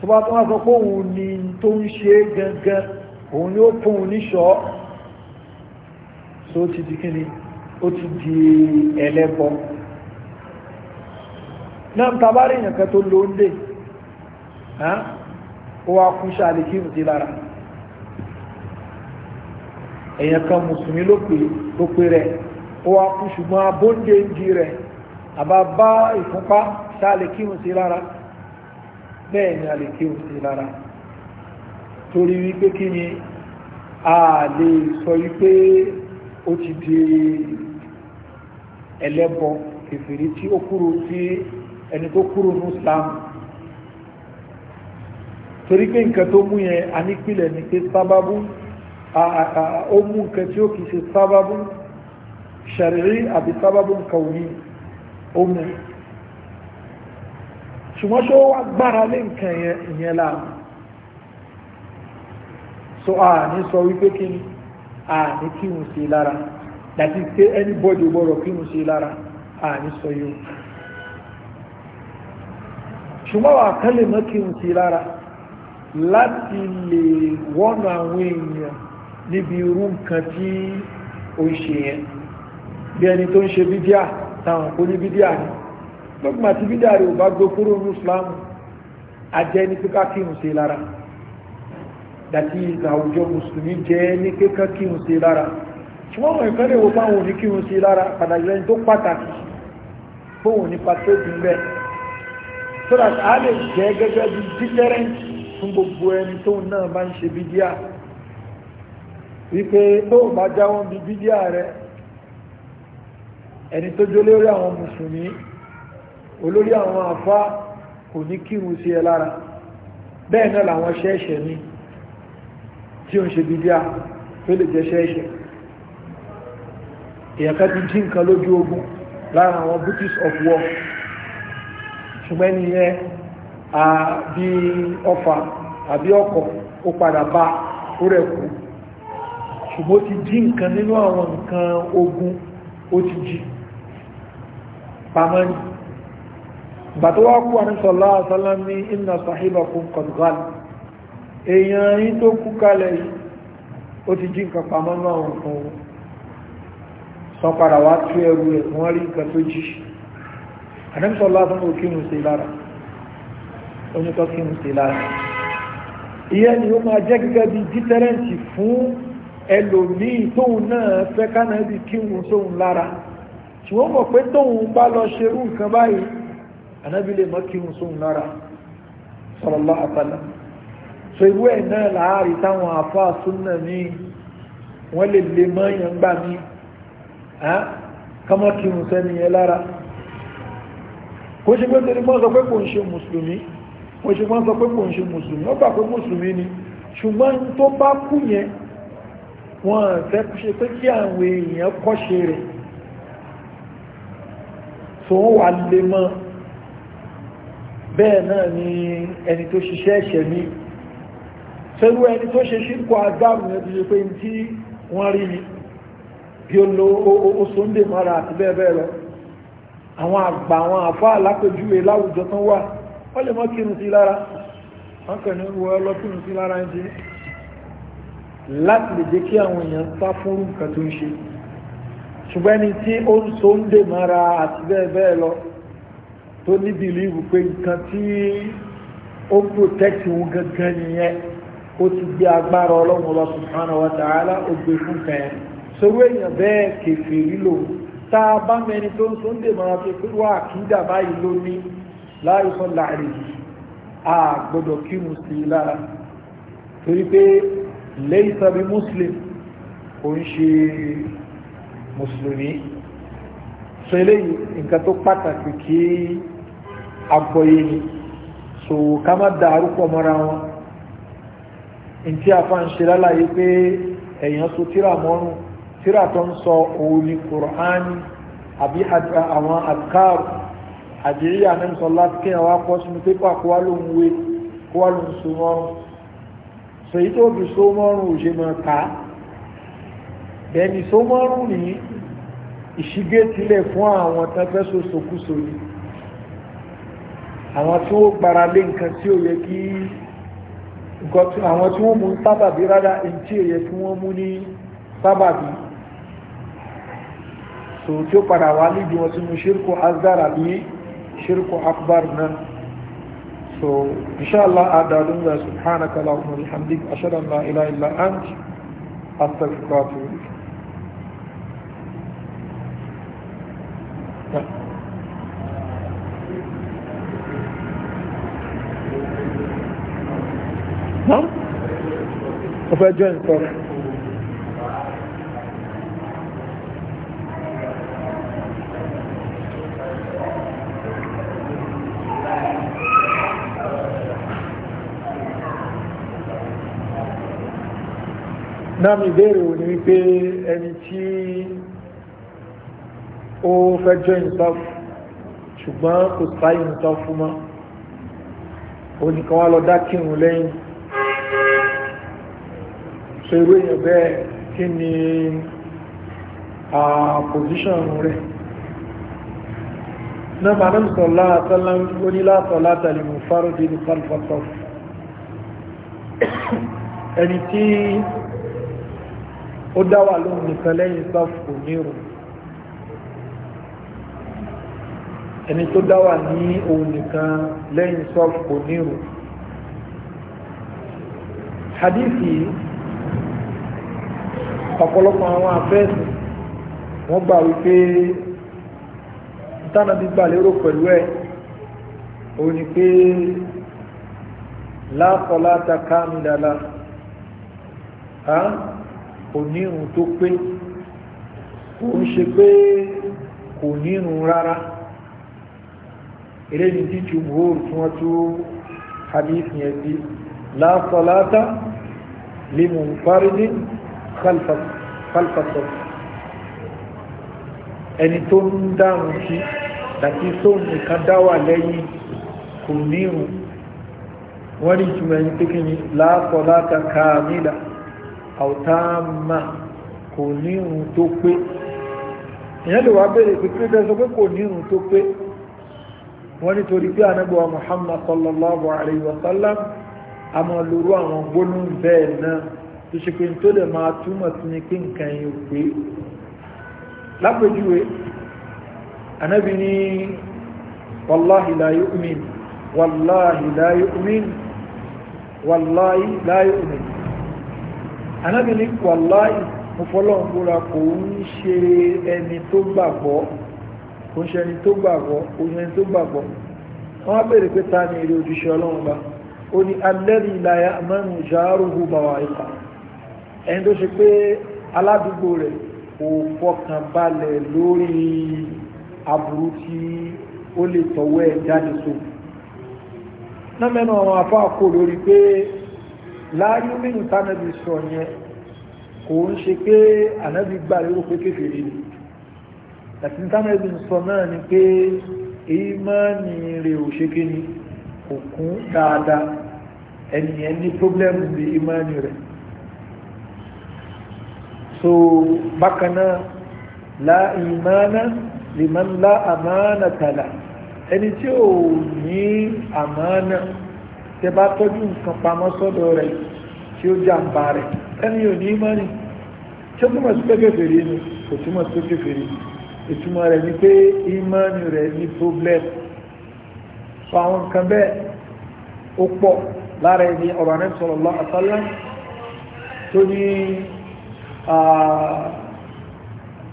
tó bá tó wá sọ pé òun ni tó ń ṣe gangan òun ni ó fún un níṣọ́ so ó ti di kíni ó ti di ẹlẹ́bọ náà tabari èèyàn kan tó lóńdè ó wá kún ṣáàlìkí ìrùtí lára èèyàn kan mùsùlùmí ló pe rẹ̀ ó wá kún ṣùgbọ́n abóńdè ń di rẹ̀ àbá bá ìfúnpá sáà lè kírun lára bẹ́ẹ̀ ni a lè kírun lára torí wípé kí ni a lè sọ wípé ó ti di ẹlẹ́bọ kèfèrí tí ó kúrò sí ẹni tó kúrò ní Islam torí pé nǹkan tó mú yẹn a nípìlẹ̀ ní pé sábábú ó mú nǹkan tí ó kìí ṣe sábábú ṣàrírí àbí sábábú kauni ó mú ṣùgbọ́n ṣó wá gbára lé nǹkan yẹn láàmú so a ní sọ wípé kí ni a ní kí n ṣe lára dàbí pé anybody gbọ́dọ̀ kí n ṣe lára a ní sọ yìí ṣùgbọ́n wà kán lè mọ́ kí n ṣe lára láti lè wọ́nà àwọn èèyàn níbi irú nǹkan tí ó ń ṣe yẹn bí ẹni tó ń ṣe bídíà táwọn kò ní bídíà ni lọ́gbọ̀n àti bídíà rẹ̀ ò bá gbé kúrò ní Islam àjẹ́ ní pípa kí n ṣe lára dàtí àwùjọ mùsùlùmí jẹ́ ní kékàn kí n sí lára ṣùgbọ́n wọn ìkan lè wo bá wọn ní kí n sí lára pàtàkì tó pàtàkì fóun ní pàtàkì so that a lè jẹ́ gẹ́gẹ́ bí different fún gbogbo ẹni tó náà bá ń ṣe bídíà wípé tó bá jáwọ́ bí bídíà rẹ ẹni tó jó lórí àwọn mùsùlùmí olórí àwọn àfá kò ní kírun sí ẹ lára bẹ́ẹ̀ náà làwọn ṣẹ́ẹ̀ṣẹ̀ ni tí ó ń ṣe bíbíà tó lè jẹ́ ṣẹ́ẹ̀ṣẹ̀ èèyàn kan ti ogun lára àwọn british of war ṣùgbọ́n àbí ọfà àbí ọkọ̀ ó padà bá ó rẹ̀ kú ṣùgbọ́n ó ti jí nǹkan nínú àwọn nǹkan ogun ó ti jí pamọ́ ni àṣálá ní èèyàn yí tó kú kalẹ̀ yìí ó ti jí nǹkan pamọ́ náà wọn kan wọn sọ padà wá tú ẹrù ẹ̀ wọ́n rí nǹkan tó jí àdẹ́mùsọ̀lá fún òkírun sí lára onítọ́ kírun sí lára ìyẹn ni ó máa jẹ́ gẹ́gẹ́ bí dítẹ́rẹ́ǹtì fún ẹlòmíì tóun náà fẹ́ kánàbí kírun sóun lára ṣùgbọ́n mọ̀ pé tóun bá lọ ṣerú nǹkan báyìí ànábì lè mọ́ kírun sóun lára sallallahu alaihi so irú ẹ̀ náà láàárín táwọn àfáà súnà ní wọ́n lè lè mọ́ èèyàn gbà mí kọ́mọ́ kí n sẹ́ni yẹn lára kò ṣe pé torí mọ́ sọ pé kò ń ṣe mùsùlùmí kò ṣe mọ́ sọ pé kò ń ṣe mùsùlùmí ó pé mùsùlùmí ni ṣùgbọ́n tó bá kú yẹn wọ́n fẹ́ ṣe pé kí àwọn èèyàn kọ́ṣe rẹ̀ tó ń wà lè mọ́ bẹ́ẹ̀ náà ni ẹni tó ṣiṣẹ́ ẹ̀ṣẹ̀ ní pẹ̀lú ẹni tó ṣe ṣírkù agbáàrùn ẹbí ṣe pé tí wọ́n rí ni bí ó lo oṣooṣe mara àti bẹ́ẹ̀ bẹ́ẹ̀ lọ àwọn àgbà àwọn àfá alápèjúwe láwùjọ tán wà wọ́n lè mọ́ kírun sí lára wọ́n kàn ní wọ́ ọlọ́kírun sí lára ń jí láti lè jẹ́ kí àwọn èèyàn sá fún nǹkan tí ó ń so ń dè mara àti bẹ́ẹ̀ lọ tó ní bìlíìfù pé nǹkan tí ó ń protect òun nìyẹn ó ti gbé agbára ọlọ́run lọ subhanahu wa ta'ala ó gbé fún fẹ́ sọ́rọ́ èèyàn bẹ́ẹ̀ kèfè lílò tá a bá mẹni tó ń sóńdè mọ́ra pé pé wà àkídà báyìí ló ní láì láàrin yìí a gbọ́dọ̀ kírun sí lára torí pé lẹ́yìn sábẹ́ kò ń ṣe mùsùlùmí sọ eléyìí nǹkan tó pàtàkì kí agbọ́yé ni so ká má dàrú pọ̀ mọ́ra wọn ntí afa ń ṣe lálàyé pé ẹ̀yàn so tíra mọ́rùn tíra tó ń sọ òun ni kùránì àbí àwọn àdìkáàrù àdìrí àmẹ́sọ̀ láti kéèyàn wá kọ́ sínú pépà kó wá ló ń wé kó wá ló ń so mọ́rùn so èyí tó fi so mọ́rùn ò ṣe máa bẹ́ẹ̀ni so mọ́rùn ní ìṣígé tilẹ̀ fún àwọn tẹ́fẹ́ so sòkúso yìí àwọn tí ó gbára lé nǹkan tí ó yẹ kí gọtù àwọn tí wọ́n mú sábàbí rárá èyí tí èyẹ tí wọ́n mú ní sábàbí so tí ó padà wá níbi wọn sínú ṣírkù asghar àbí ṣírkù akbar náà so inṣáàlá àdàlú rẹ̀ subhanaka allahumma bihamdik mo fẹ́ join club náàmì ìbéèrè wò ní wípé ẹni tí ó fẹ́ join club ṣùgbọ́n kò sáyìn tán fún mọ́ oníkan wá lọ dá lẹ́yìn so irú èèyàn bẹ́ẹ̀ kí ni position rẹ̀ náà bá náà sọ̀lá àtàlá onílàtọ̀ látàlì mú fárúdí ní pálfàtọ̀ ẹni tí ó dáwà lóhun nìkan lẹ́yìn sáfù nírùn ẹni tó dáwà ní ohun nìkan lẹ́yìn sáfù nírùn hadithi ọ̀pọ̀lọpọ̀ àwọn afẹ́ẹ̀sì wọ́n gbà wípé tánàbí gbà lérò pẹ̀lú ẹ̀ o ní pé láàkọlá ta kámìlára a kò ní irun tó pé kò ń ṣe pé kò ní irun rárá eré ní títí gbòòrò tí wọ́n tó hadith yẹn sí láàkọlá ta lè mú kálfàtọ̀ ẹni tó ń dáhùn sí àti sóhun nìkan dáwà lẹ́yìn kò níhùn wọ́n rí ìtumọ̀ ẹni pé kí ni láàpọ̀ láta kàmílà àwòtáàmà kò níhùn tó pé ìyẹn lè wá bèèrè pé kí ló sọ pé kò níhùn tó pé wọ́n ní torí pé anábọ̀wá Muhammad sallallahu alayhi wa sallam a máa lòrú àwọn gbólóhùn bẹ́ẹ̀ náà tó ṣe pé tó lè máa túmọ̀ sí ni kí nǹkan yìí ò pé lápèjúwe anábì ní wàláhì la yu'min wàláhì la yu'min wàláhì la yu'min anábì ní wàláhì mo fọlọ́run búra kò ń ṣe ẹni tó gbàgbọ́ kò ń ṣe ẹni tó gbàgbọ́ kò ń ṣe ẹni tó gbàgbọ́ wọ́n á bèèrè pé ta ni èrè òjúṣe ọlọ́run bá ó ní alẹ́rìí la ya'manu jaruhu bawa'iqa ẹni tó ṣe pé aládùúgbò rẹ̀ kò fọkàn balẹ̀ lórí aburú tí ó lè tọwọ́ ẹ̀ jáde so náà mẹ́nu àwọn afọ́ àkó lórí pé láàyè mínú tánàbí sọ yẹn kò ń ṣe pé ànábì gbà lérò pé kéfèrè ni àti tánàbí sọ náà ni pé èyí máa ní rè ò ṣe kí ni kò kún dáadáa ẹnìyẹn ní pọ́blẹ́mù bí ìmáàní rẹ̀ so bákanáà la imana liman la amana tala ẹni tí ò ní amana tẹ bá tọ́jú nǹkan pamọ́ sọ́dọ̀ rẹ̀ tí ó jàǹbá rẹ̀ ẹni ò ní imani tí ó túmọ̀ sí pé kèfèrí ni kò túmọ̀ sí pé kèfèrí ìtumọ̀ rẹ̀ ni pé imani rẹ̀ ní problem so àwọn nǹkan bẹ́ẹ̀ ó pọ̀ lára ẹni ọ̀rọ̀ anẹ́sọ̀rọ̀ lọ́ àtàlá tó ní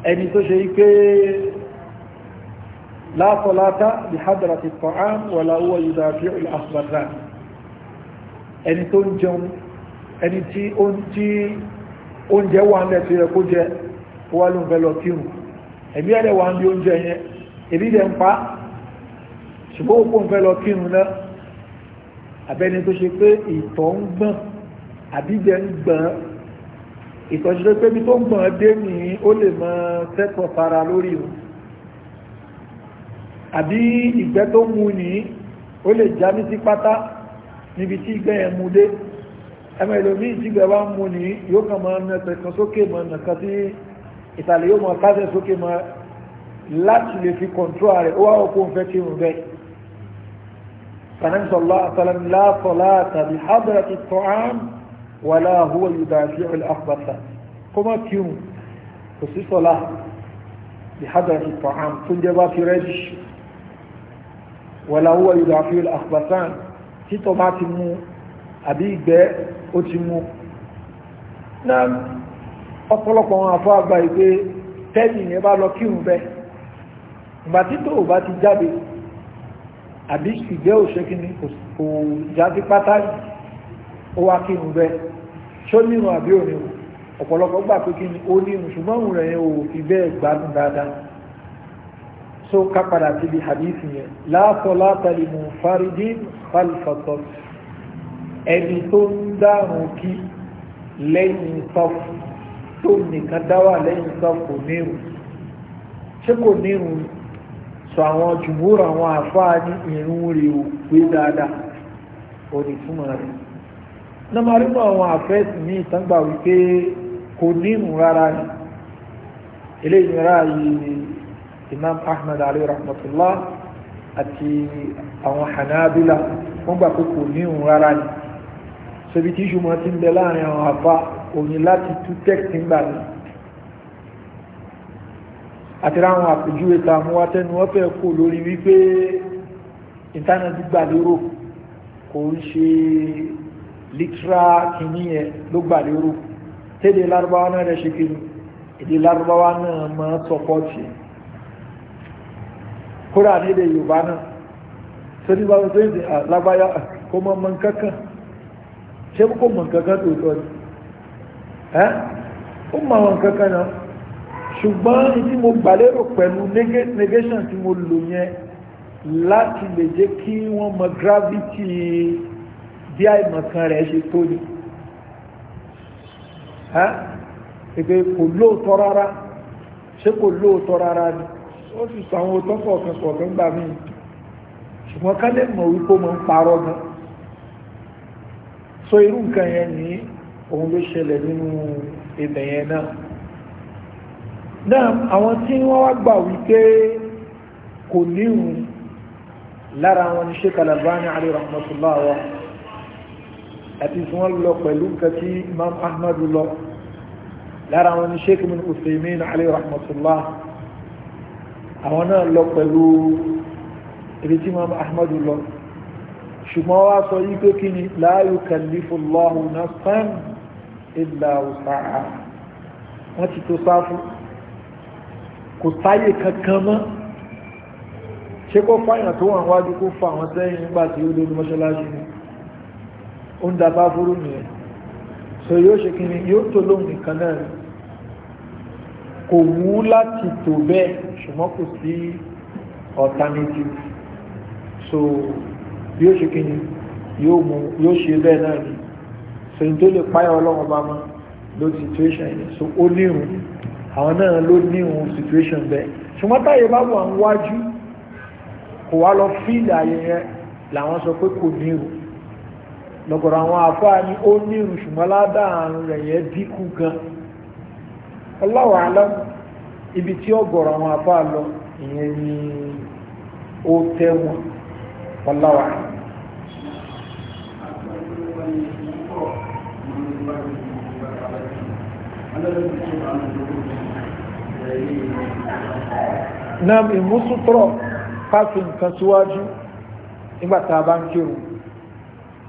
ẹni tó ṣe pé látọ̀látá bí hádàrà ti tọ̀án wà láwọ́ ìdáfí ìlàsbàdà ẹni tó ń jẹun ẹni tí oúnjẹ wà ń lẹ́ tó yẹ kó jẹ wà ló ń bẹ lọ kírun ẹ̀bí ẹ̀rẹ̀ wà ń ṣùgbọ́n òkú ń fẹ́ lọ kírun náà abẹ́ni tó ṣe pé ìtọ̀ ń gbọ̀n àbí ń gbọ̀n ìtọ́jú pé bí tó ń gbọ̀n dé ní ó lè mọ tẹ́tọ̀ fara lórí o àbí ìgbẹ́ tó mú ní ó lè já ní sí pátá níbi tí ìgbẹ́ yẹn mú dé ẹmọ ìlòmí ìjígbẹ́ wá mú ní yóò kàn mọ́ ẹsẹ̀ kan sókè mọ́ nǹkan sí ìtàlẹ̀ yóò mọ́ kásẹ̀ sókè mọ́ láti lè fi kọ̀ǹtró rẹ̀ ó wá òkú ń fẹ́ kí n bẹ́ sanamu sọlá àtàlámilá sọlá tàbí hadrati tọ́hán wàlá àhúwà yudafi al-akhbata kó má kírun kò sí sọlá bí hadrati ta'am tó ń jẹ bá fi rẹ́dì wàlá àhúwà yudafi al-akhbata títọ́ bá ti mú àbí ìgbẹ́ ó ti mú náà ọ̀pọ̀lọpọ̀ wọn àfọ́ tẹ́yìn yẹn bá lọ kírun bẹ́ẹ̀ ìgbà títò bá ti jáde àbí ìgbẹ́ òṣèkíní kò jáde pátá yìí ó wá kí irun bẹ́ẹ̀ ṣó nírun àbí òrìn ọ̀pọ̀lọpọ̀ gbà pé kí ni ó nírun ṣùgbọ́n òun rẹ̀ yẹn ò fi bẹ́ẹ̀ gbádùn dáadáa so ká padà síbi hadith yẹn láàtọ̀ látàrí mò ń fárídì fàlìfàtọ̀ ẹni tó ń dárun kí lẹ́yìn sọ́fù tó nìkan dáwà lẹ́yìn sọ́fù nírun ṣé kò nírun sọ àwọn jùmúrò àwọn àfáà ní ìrún rí o pé dáadáa ó ní túmọ̀ rẹ̀ náà máa rí mọ́ àwọn àfẹ́sì ní ìtàngbà wípé kò ní ìrùn rárá ni eléyìí rárá yìí imam ahmed ali rahmatullah àti àwọn hanabila wọ́n gbà pé kò ní ìrùn rárá ni sobi tí ìṣùmọ̀ ti ń bẹ láàrin àwọn àfa òní láti tú tẹ́kì ńgbà ni àti ráwọn àpèjúwe ta mú wá tẹnu wọ́n fẹ́ kó lórí wípé ìtànà gbígbà lérò kò ń ṣe litra kìíní yẹn ló gbà lérò tẹ́lẹ̀ lárúbáwá náà rẹ̀ ṣe kìíní èdè lárúbáwá náà máa sọpọ́tì kódà ní èdè yorùbá náà tó ní báwo tó ń sè lábáyá kó mọ mọ nǹkankan ṣé kó mọ nǹkankan tó tọ́ ni ẹ́ ó mọ àwọn nǹkankan náà ṣùgbọ́n ní tí mo gbà lérò pẹ̀lú negation tí mo lò yẹn láti lè jẹ́ kí wọ́n mọ gravity bí àìmọ̀kan rẹ̀ ṣe tó ní ẹgbẹ́ kò lóòtọ́ rárá ṣé kò lóòtọ́ rárá ni ó sì sọ àwọn òótọ́ kọ̀ọ̀kan kọ̀ọ̀kan gbà mí ṣùgbọ́n ká lè mọ̀ wípé mo ń parọ́ gan so irú nǹkan yẹn ní òun ló ṣẹlẹ̀ nínú ibẹ̀ yẹn náà náà àwọn tí wọ́n wá gbà wípé kò níhùn lára wọn ní ṣe kàlàbá ní alẹ́ wa àti tí wọ́n lọ pẹ̀lú nǹkan tí imam ahmadu lọ lára àwọn sheikh min usaimin alayhi rahmatullah àwọn náà lọ pẹ̀lú ibi tí imam ahmadu lọ ṣùgbọ́n wá sọ yí pé kí ni la yukallifu Allahu nafsan illa wus'aha wọ́n ti tó sáfù kò sáyè kankan mọ́ ṣé kó fáyà tó wà wájú kó fa àwọn sẹ́yìn nígbà tí ó lórí mọ́ṣáláṣí ni Onda ń dabá burú nìyẹn so yóò ṣe kí ni yóò tó lóhùn nìkan náà ni kò wú láti tò bẹ́ẹ̀ ṣùgbọ́n kò sí alternative so yóò ṣe kí ni yóò ṣe bẹ́ẹ̀ náà ni so n tó lè páyà ọlọ́run bá mọ́ lórí situation yìí so ó níhun àwọn náà ló níhun situation bẹ́ẹ̀ ṣùgbọ́n táyé bá wà ń wájú kò wá lọ fíìlì ayẹyẹ làwọn sọ pé kò níhun lọ́gọ̀rọ̀ àwọn àfáà ni ó ní ìrùsùmọ́ládà àrùn rẹ̀ yẹn dínkù gan Allahu alam ibi tí ọ̀gọ̀rọ̀ àwọn àfáà lọ ìyẹn ni ó tẹ́wọ̀n Allahu alam. na ìmúsùtọ̀rọ̀ ká nǹkan síwájú nígbà tá a bá ń kírun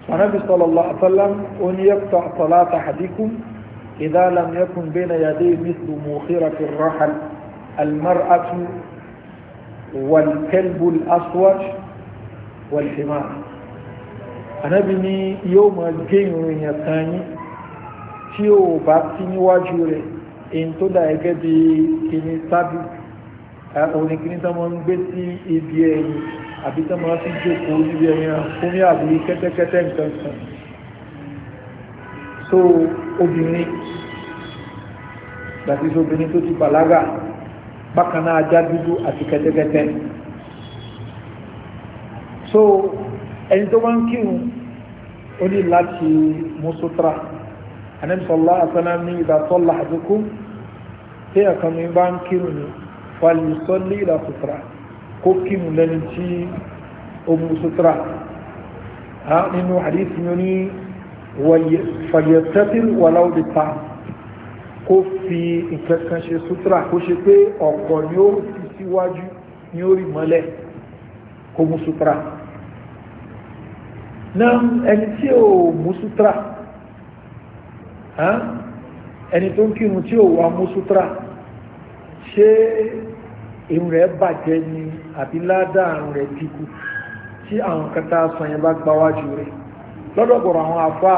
sanabi sallallahu alaihi wasallam ó ní yaqta salata hadikum idha lam yakun bayna yadayhi mithlu mukhirati ar-rahl al-mar'atu wal-kalbu al-aswad wal-himar anabi ni yóò máa gé irun kan yín tí ò bá sí níwájú rẹ̀ èyí tó dà gẹ́gẹ́ bí kìíní sábì òní kìíní máa ń gbé sí ibi ẹ̀yìn àbí tó máa fi jókòó níbi ẹran fún mi àbí kẹ́tẹ́kẹ́tẹ́ nǹkan kan so obìnrin gbàtí obìnrin tó ti bàlágà bákan náà ajá dúdú àti kẹ́tẹ́kẹ́tẹ́ so ẹni tó bá ń kírun ó ní láti mú sutra anamisọlá asalam ní ìdá sọlá àdúkú tí mi bá ń kírun ní wàlúùsọ́lé ìdá sutra kó kínu lẹ́ni tí ó mú sutura nínú hadith yóò ní fàyẹ̀tẹ́tìl wàláwùdí ta kó fi ìkẹ́kàn ṣe sutura kó ṣe pé ọ̀kọ̀ ni ó fi síwájú ni ó rí mọ́lẹ̀ kó mú sutura náà ẹni tí ó mú sutura ẹni tó ń kírun tí ó wà mú sutura ṣé irun rẹ̀ bàjẹ́ ni àbí ládàrún rẹ̀ dínkù tí àwọn kẹta sàn yẹn bá gbáwájú rẹ̀ lọ́dọ̀gbọ̀rọ̀ àwọn afá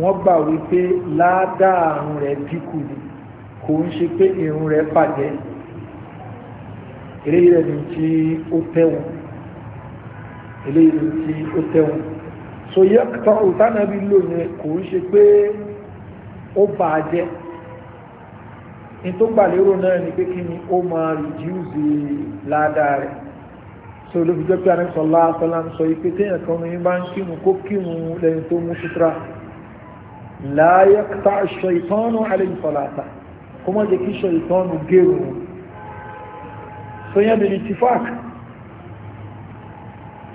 wọ́n gbà wípé ládàrún rẹ̀ dínkù ni kò ń ṣe pé irun rẹ̀ bàjẹ́ eléyìí ni tí ó tẹ̀wọ̀n so yẹ tọ́ òtánàbí lò yẹn kò ń ṣe pé ó bàjẹ́ ní tó gbà lérò náà ni pé kí ni ó máa rìdíùsì ládàá rẹ̀ so ló fi jẹ́ pé anisọ̀lá asọ́lá ń sọ ipe téèyàn kan ní bá ń kírun kó kírun lẹ́yìn tó mú sutura láyé ta aṣọ ìtọ́nù alẹ́yìn sọ̀láta kó má jẹ́ kí aṣọ ìtọ́nù gérun so yẹn bìrì tifak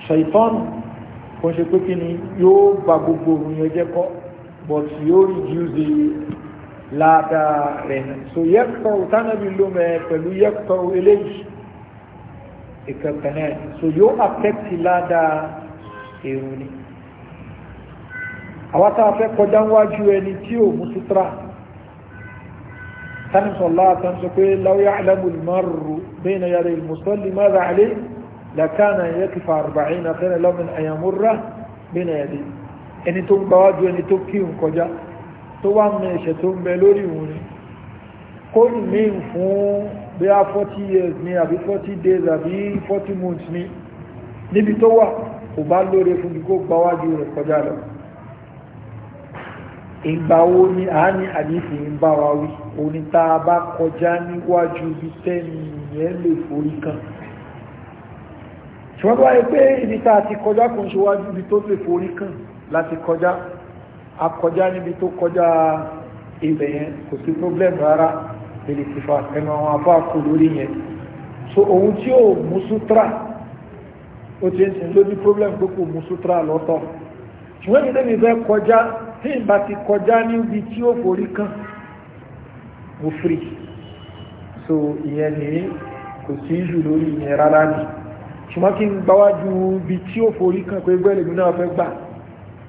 ṣàìtọ́nù kò ṣe pé kí ni yóò ba gbogbo òun yẹn jẹ́ but yóò rìdíùsì láàdáa rẹ̀ so yẹ́pọ̀ tánàbí ló mẹ́ pẹ̀lú yẹ́pọ̀ eléyìí ìkẹ̀kẹ̀ náà so yóò àfẹ́kì láàdáa èrò ni àwọn tá a fẹ́ kọjá wájú ẹni tí ò mú sutura tani sọ̀lá àtàn sọ pé láwọ́ yàlámù ìmọ̀rù bẹ́ẹ̀ na yàrá ìmùsọ́lì má dà àlẹ́ làkàna yẹ́kìfà àrùbáyìn náà fẹ́rẹ̀ lọ́mìn àyàmúrà bẹ́ẹ̀ na yàrá tó wá mẹ ẹ̀ṣẹ̀ tó ń bẹ lórí òun kó ní mìí fún bí a 40 years ni àbí 40 days àbí 40 months ni níbi tó wà kò bá lóore fún bí kó gbáwájú rẹ̀ kọjá lọ ìgbà ni a ní àdífì ń bá wa wí òní tá a bá kọjá níwájú bí tẹ́ni yẹn lè forí kan ṣùgbọ́n báyìí pé ibi tá kọjá kò ń ṣe wájú bí tó lè forí kan láti kọjá akọjá níbi tó kọjá ibẹ̀ yẹn kò sí problem rárá lèlè tìfà ẹnu àwọn afọ àkó lórí yẹn so òun tí ó mú sutra ó ti ń sìn ló ní problem pé kò mú sutra lọ́tọ̀ ṣùgbọ́n ní lẹ́yìn fẹ́ kọjá tí ìbá ti kọjá níbi tí ó forí kan mo free so ìyẹn nìyí kò sí ìjù lórí ìyẹn rárá ni ṣùgbọ́n kí n gbáwájú ibi tí ó forí kan pé gbẹ́lẹ̀ mi náà fẹ́ gbà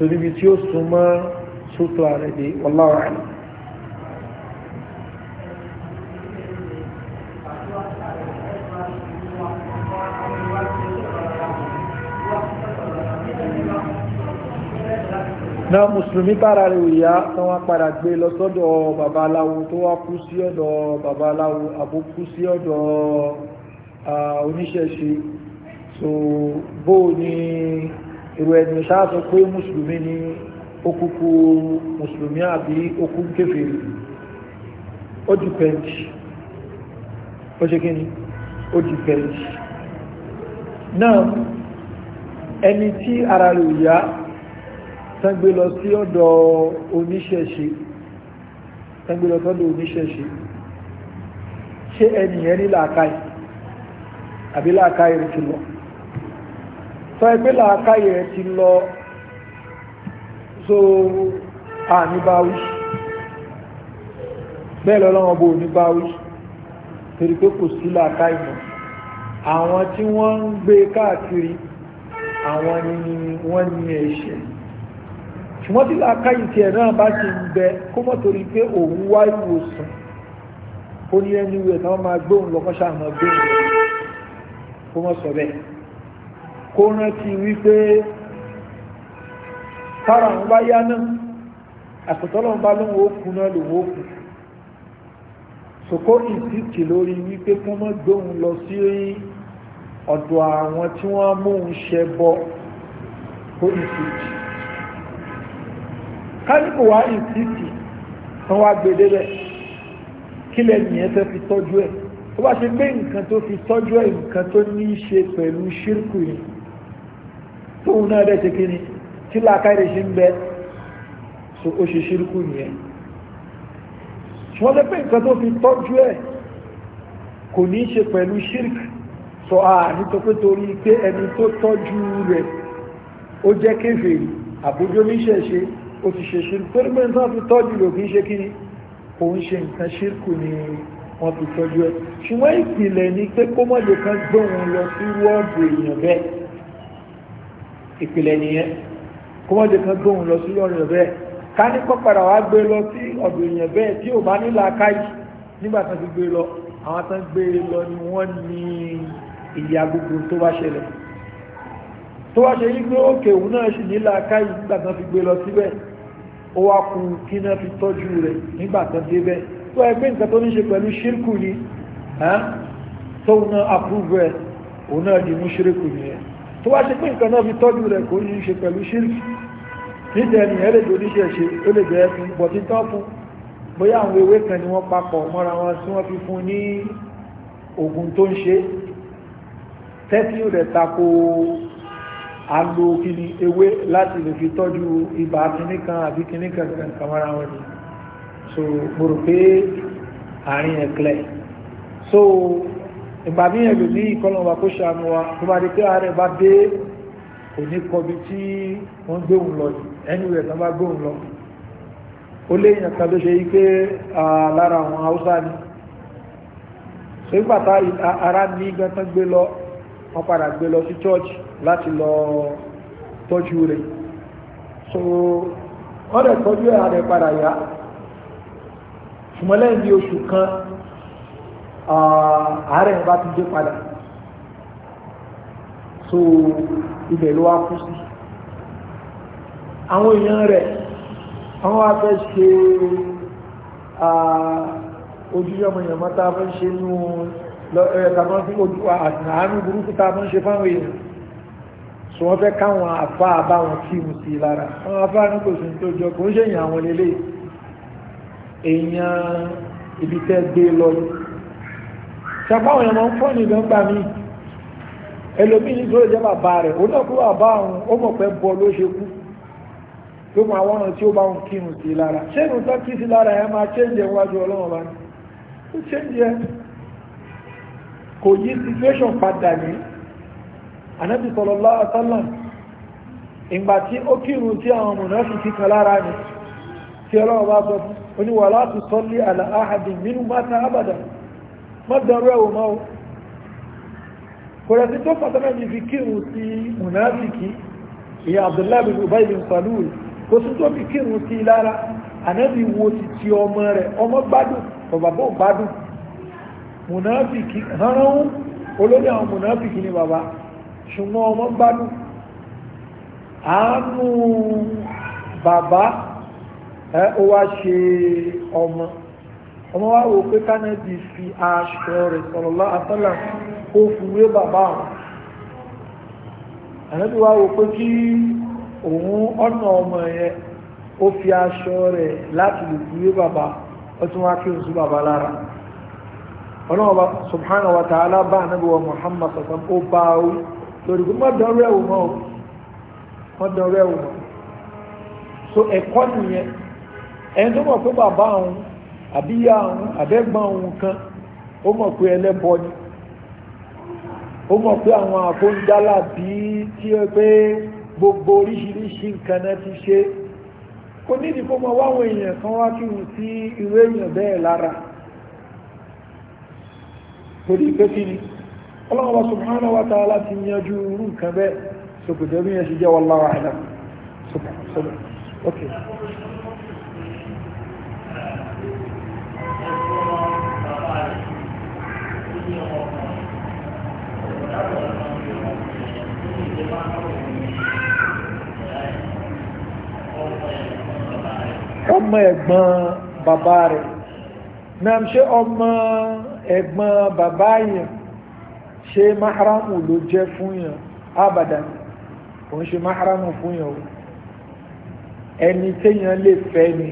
so níbi tí ó súnmọ́ sótò ààrẹ dé wallahu a'lam. náà mùsùlùmí bára rẹ̀ òyà tán wá padà gbé lọ sọ́dọ̀ babaláwo tó wá kú sí ọ̀dọ̀ babaláwo àbó kú sí ọ̀dọ̀ oníṣẹ̀ṣe so bóò ni irú ẹni sáàsọ pé mùsùlùmí ni ó kúkú mùsùlùmí àbí ó kú kèfèrí ó dìpẹ́ǹtì ó ṣe kí ni ó dìpẹ́ǹtì náà ẹni tí ara rẹ̀ ò yá tán gbé lọ sí ọ̀dọ̀ oníṣẹ̀ṣe tán lọ sọ́dọ̀ oníṣẹ̀ṣe ṣé ẹni yẹn ní làákàyè àbí làákàyè rẹ̀ ti lọ tọ́ ẹgbẹ́ làákàyè ti lọ so àníbáwí bẹ́ẹ̀ lọ́lọ́wọ́ bó oníbáwí torí pé kò sí làákàyè mọ́ àwọn tí wọ́n ń gbé káàkiri àwọn ni wọ́n ní ẹ̀ṣẹ̀ ṣùgbọ́n tí làákàyè tiẹ̀ náà bá ti ń bẹ kó mọ̀ torí pé òun wá ìwòsàn ó ní ẹni wẹ̀ táwọn máa gbóhùn lọ́kọ́ṣà máa gbóhùn lọ́kọ́ kó mọ̀ sọ bẹ́ẹ̀ kó rántí wípé tára àwọn bá yá náà àtọ̀tọ́lọ́n bá lóun ó kú náà lòun ó kú sòkó ìdíkì lórí wípé kí wọ́n gbóhùn lọ sí ọ̀dọ̀ àwọn tí wọ́n móhun ṣe bọ́ kó ìdíkì kálíkù wá ìdíkì tán wá gbedebẹ̀ kí lẹ́nu yẹn fẹ́ fi tọ́jú ẹ̀ tó bá ṣe pé nǹkan tó fi tọ́jú ẹ̀ nǹkan tó ní í ṣe pẹ̀lú ṣírkù yìí tóun náà dẹ̀ ṣe kíni tí làákàyè ṣe ń bẹ so ó ṣe ṣírkù nìyẹn ṣùgbọ́n pé nǹkan tó fi tọ́jú ẹ̀ kò ní í ṣe pẹ̀lú ṣírkù sọ àní tó pé torí pé ẹni tó tọ́jú rẹ̀ ó jẹ́ kéfèé àbójó níṣẹ̀ṣe ó ti ṣe ṣírkù torí pé nǹkan fi tọ́jú rẹ̀ kì í ṣe kíni kò ṣe nǹkan ṣírkù ni wọ́n fi tọ́jú ẹ̀ ṣùgbọ́n ìpìlẹ̀ ni pé kó mọ̀lẹ́ kan gbóhun lọ sí wọ́ọ̀dù èèyàn bẹ́ẹ̀ ìpìlẹ̀ nìyẹn kó wọ́n jẹ kan gbóhùn lọ sí lọ́rùn bẹ́ẹ̀ ká ní kọ́ padà wá gbé lọ sí ọ̀dọ̀ èèyàn bẹ́ẹ̀ tí ò bá ní làákàyè nígbà tán ti gbé lọ àwọn tán gbé e lọ ni wọ́n ní ìyá gbogbo tó bá ṣẹlẹ̀ tó wá ṣe yí pé òkè òun náà sì ní làákàyè nígbà tán fi gbé lọ síbẹ̀ ó wá kú kí náà fi tọ́jú rẹ̀ nígbà tán débẹ̀ tó ẹgbẹ́ nǹkan tó ní ṣe pẹ̀lú ṣírkù ni tóun náà approve ẹ̀ òun náà di mú ṣírkù ni ẹ̀ tó wá ṣe pé nǹkan náà fi tọ́jú rẹ̀ kò yí ṣe pẹ̀lú ṣírìkì nídẹ̀ ni ẹ̀rẹ́ ìdò oníṣẹ́ ṣe ó lè jẹ́ fún bọ̀tí tán fún bóyá àwọn ewé kan ni wọ́n papọ̀ mọ́ra wọn tí wọ́n fi fún ní oògùn tó ń ṣe tẹ́tí rẹ̀ tako alo kìíní ewé láti lè fi tọ́jú ibà kìíní kan àbí kìíní kan kan mọ́ra wọn ni so mo rò pé àárín ẹ̀klẹ̀ so ìgbà mí ẹ̀lú ní ìkọlọ̀wà kó ṣàánú wa tó bá di pé ààrẹ bá dé kò ní kọbi tí wọ́n gbóhùn lọ ẹni rẹ̀ tán bá gbóhùn lọ ó lé èèyàn kan tó ṣe yí pé lára àwọn haúsá ni so nígbà tá ara ní gan tán gbé lọ wọ́n padà gbé lọ sí church láti lọ tọ́jú rẹ̀ so wọ́n dẹ̀ tọ́jú ààrẹ padà yá ṣùgbọ́n lẹ́yìn bí oṣù kan Ah, àárẹ̀ bá ti dé padà so ibẹ̀ ló wá kú sí àwọn èèyàn rẹ̀ wọ́n wá fẹ́ ṣe ah, ojúṣe ọmọ èèyàn mọ́ta fẹ́ ṣe nú ẹ̀ẹ́dàmọ́ sí ojú àánú burúkú ta fẹ́ ṣe fáwọn èèyàn so wọ́n fẹ́ káwọn afá àbáwọn tíìmù sí lára àwọn afá ní kò sí tó jọ kò ń ṣèyàn àwọn lélẹ̀ èèyàn ibi tẹ́ gbé lọ́yìn sàpáwọn èèyàn máa ń fọ́ọ̀nì gan gbà mí ẹlòmíì ní sọ́ọ́ jẹ́ bàbá rẹ̀ ó náà kú bàbá òun ó mọ̀ pé bọ́ ló ṣe kú tó mọ àwọn ọ̀nà tí ó bá ń kírun sí lára ṣé ìrùn tó kí sí lára ẹ máa ṣéǹjẹ wájú ọlọ́run bá ní ó ṣéǹjẹ kò yí situation padà ní anábì sallallahu ìgbà tí ó kírun tí àwọn mùnáfì ti kan lára ni tí ọlọ́run bá sọ fún oníwà láti sọ́lé àlà nínú mata abada mọ́dánrú ẹ̀wọ̀ mọ́ o kò rẹ̀ sí tó pàtàkì ní fi kírun sí munafiki ìyá abdullahi bin ubay bin salul kò sí tó fi kírun sí lára ànábì wo ti ti ọmọ rẹ̀ ọmọ gbádùn bàbá ò gbádùn munafiki hánránwó olórí munafiki ni baba ṣùgbọ́n ọmọ badu àánú baba ó wá ṣe ọmọ wa wò pé kánẹ́bì fi aṣọ rẹ̀ sọ̀rọ̀lá àtọ́là kó fúwé bàbá àwọn ànábì wa wò pé kí òun ọ̀nà ọmọ yẹn ó fi aṣọ rẹ̀ láti lè fúwé bàbá ó tún wá kí n sú bàbá lára ọlọ́ọ̀bá subhanahu wa ta'ala bá ànábì wa muhammad sọ̀tàn ó bá a lórí pé mọ́ mọ́dán rẹ̀ wò mọ́ so ẹ̀kọ́ nìyẹn ẹni tó mọ̀ pé bàbá àwọn àbíyá àwọn àbẹ́gbọ́n òun kan ó mọ̀ pé ẹlẹ́bọ ni ó mọ̀ pé àwọn àfóńdálà bí tí ó pé gbogbo oríṣiríṣi nǹkan náà ti ṣe kò nídìí kó mọ wáwọn èèyàn kan wá kírun sí irú èèyàn bẹ́ẹ̀ lára torí pé kí ni ọlọ́run wa subhanahu wa ta'ala ti yanjú irú nǹkan bẹ́ẹ̀ sọ̀kùtẹ̀ bí yẹn ṣe jẹ́ wallahu a'lam sọ̀kùtẹ̀ ok. ọmọ ẹ̀gbọ́n bàbá rẹ̀ náà ṣe ọmọ ẹ̀gbọ́n bàbá yẹn ṣe maharamu ló jẹ́ fún yẹn abadan òun ṣe maharamu fún yẹn o ẹni téèyàn lè fẹ́ ni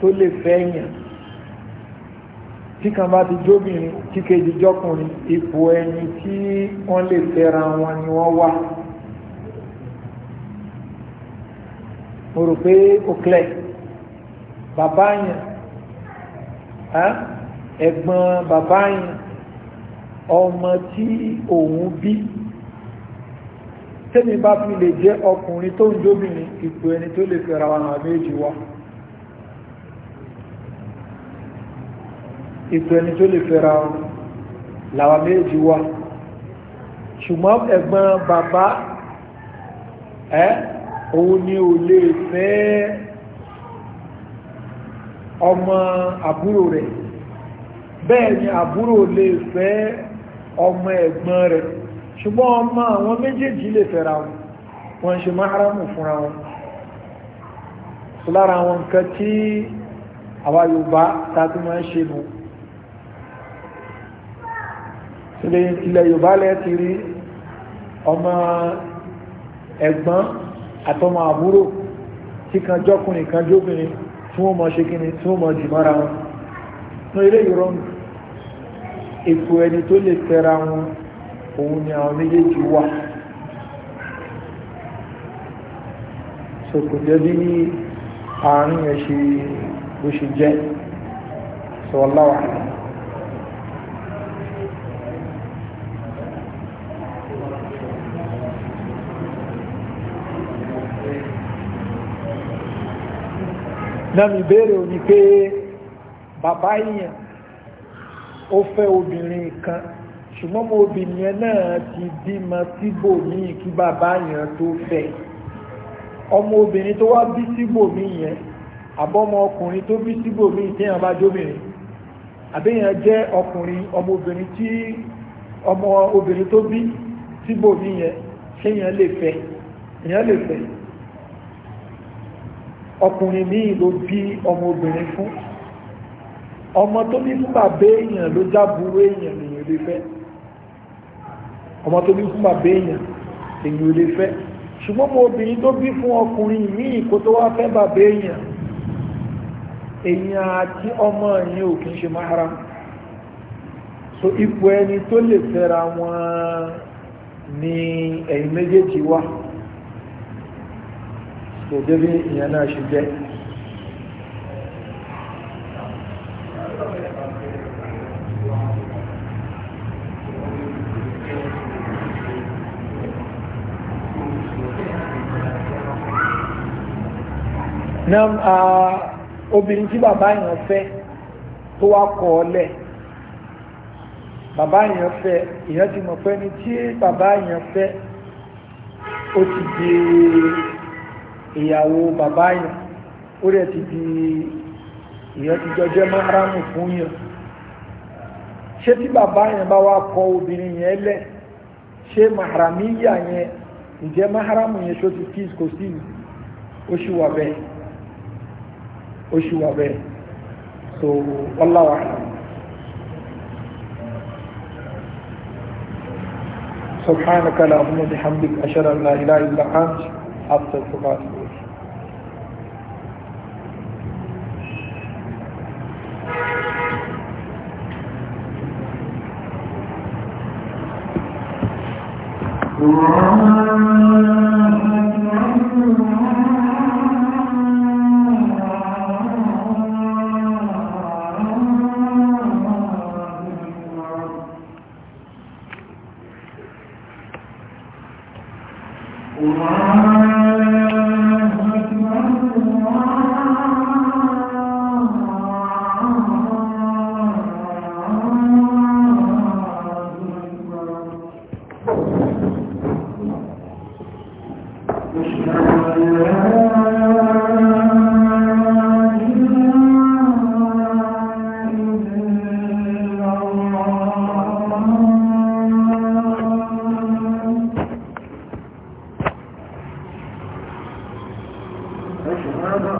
tó lè fẹ́ yẹn tí kan bá ti jóbìnrin tí kejì jọkùnrin ipò ẹni tí wọ́n lè fẹ́ra wọn ni wọ́n wà mo rò pé ó clear bàbá yẹn ẹ̀gbọ́n bàbá yẹn ọmọ tí òun bí tẹ́mi bá fi lè jẹ́ ọkùnrin tó ń jóbìnrin ipò ẹni tó lè fẹ́ra wa náà méjì wá ipò ẹni tó lè fẹ́ra wa làwa méjì wá ṣùgbọ́n ẹ̀gbọ́n bàbá ẹ́ òun ni ò lè fẹ́ẹ́ ọmọ àbúrò rẹ̀ bẹ́ẹ̀ ni àbúrò lè fẹ́ ọmọ ẹ̀gbọ́n rẹ̀ ṣùgbọ́n ọmọ àwọn méjèèjì lè fẹ́ra wọn wọ́n ṣe máhàrámù fúnra wọn lára àwọn nǹkan tí àwa Yorùbá tàbí máa ń ṣe nù ilẹ̀ Yorùbá lẹ́ ti rí ọmọ ẹ̀gbọ́n àtọmọ àbúrò tí kan jọkùnrin kan jóbìnrin tí wọ́n mọ̀ ṣe kí ni tí wọ́n mọ̀ jù mọ́ra wọn ní ilé ìrọ́n ipò ẹni tó lè tẹ́ra wọn òun ni àwọn méjèèjì wà so bí àárín ẹ̀ ṣe bó ṣe jẹ́ sọ ọláwàá náà mi béèrè ò ní pé bàbá èèyàn ó fẹ́ obìnrin kan ṣùgbọ́n mo obìnrin yẹn náà ti bímọ síbò míì kí bàbá yẹn tó fẹ́ ọmọ obìnrin tó wá bí síbò míì yẹn àbọ́mọ ọkùnrin tó bí síbò míì téèyàn bá jóbìnrin àbẹ́yàn jẹ́ ọkùnrin ọmọ obìnrin tí ọmọ obìnrin tó bí síbò míì yẹn ṣéyàn lè fẹ́ èèyàn lè fẹ́ ọkùnrin míì ló bí ọmọ obìnrin fún ọmọ tó bí fún bàbá èèyàn ló jábúrú èèyàn nìyàn lè fẹ́ ọmọ tó bí fún bàbá èèyàn èèyàn lè fẹ́ ṣùgbọ́n mo obìnrin tó bí fún ọkùnrin míì kó tó wá fẹ́ bàbá èèyàn èèyàn àti ọmọ yẹn ò kì í ṣe mahram so ipò ẹni tó lè fẹ́ra wọn ni ẹ̀yin méjèèjì wà tó débí ìyẹn náà ṣe jẹ́ nam obìnrin tí bàbá èèyàn fẹ́ tó wá kọ̀ ọ́ lẹ̀ bàbá èèyàn fẹ́ èèyàn ti mọ̀ pé ní tí bàbá èèyàn fẹ́ ó ti di ìyàwó bàbá yẹn ó rẹ̀ ti di ìyẹn ti jọjẹ́ máramu fún yẹn tí bàbá bá wá kọ obìnrin yẹn lẹ̀ ṣé mahramiya yẹn ìjẹ́ mahramu yẹn ṣó ti kí kò sí ó ṣì wà bẹ́ẹ̀ so سبحانك اللهم وبحمدك اشهد ان لا اله الا الله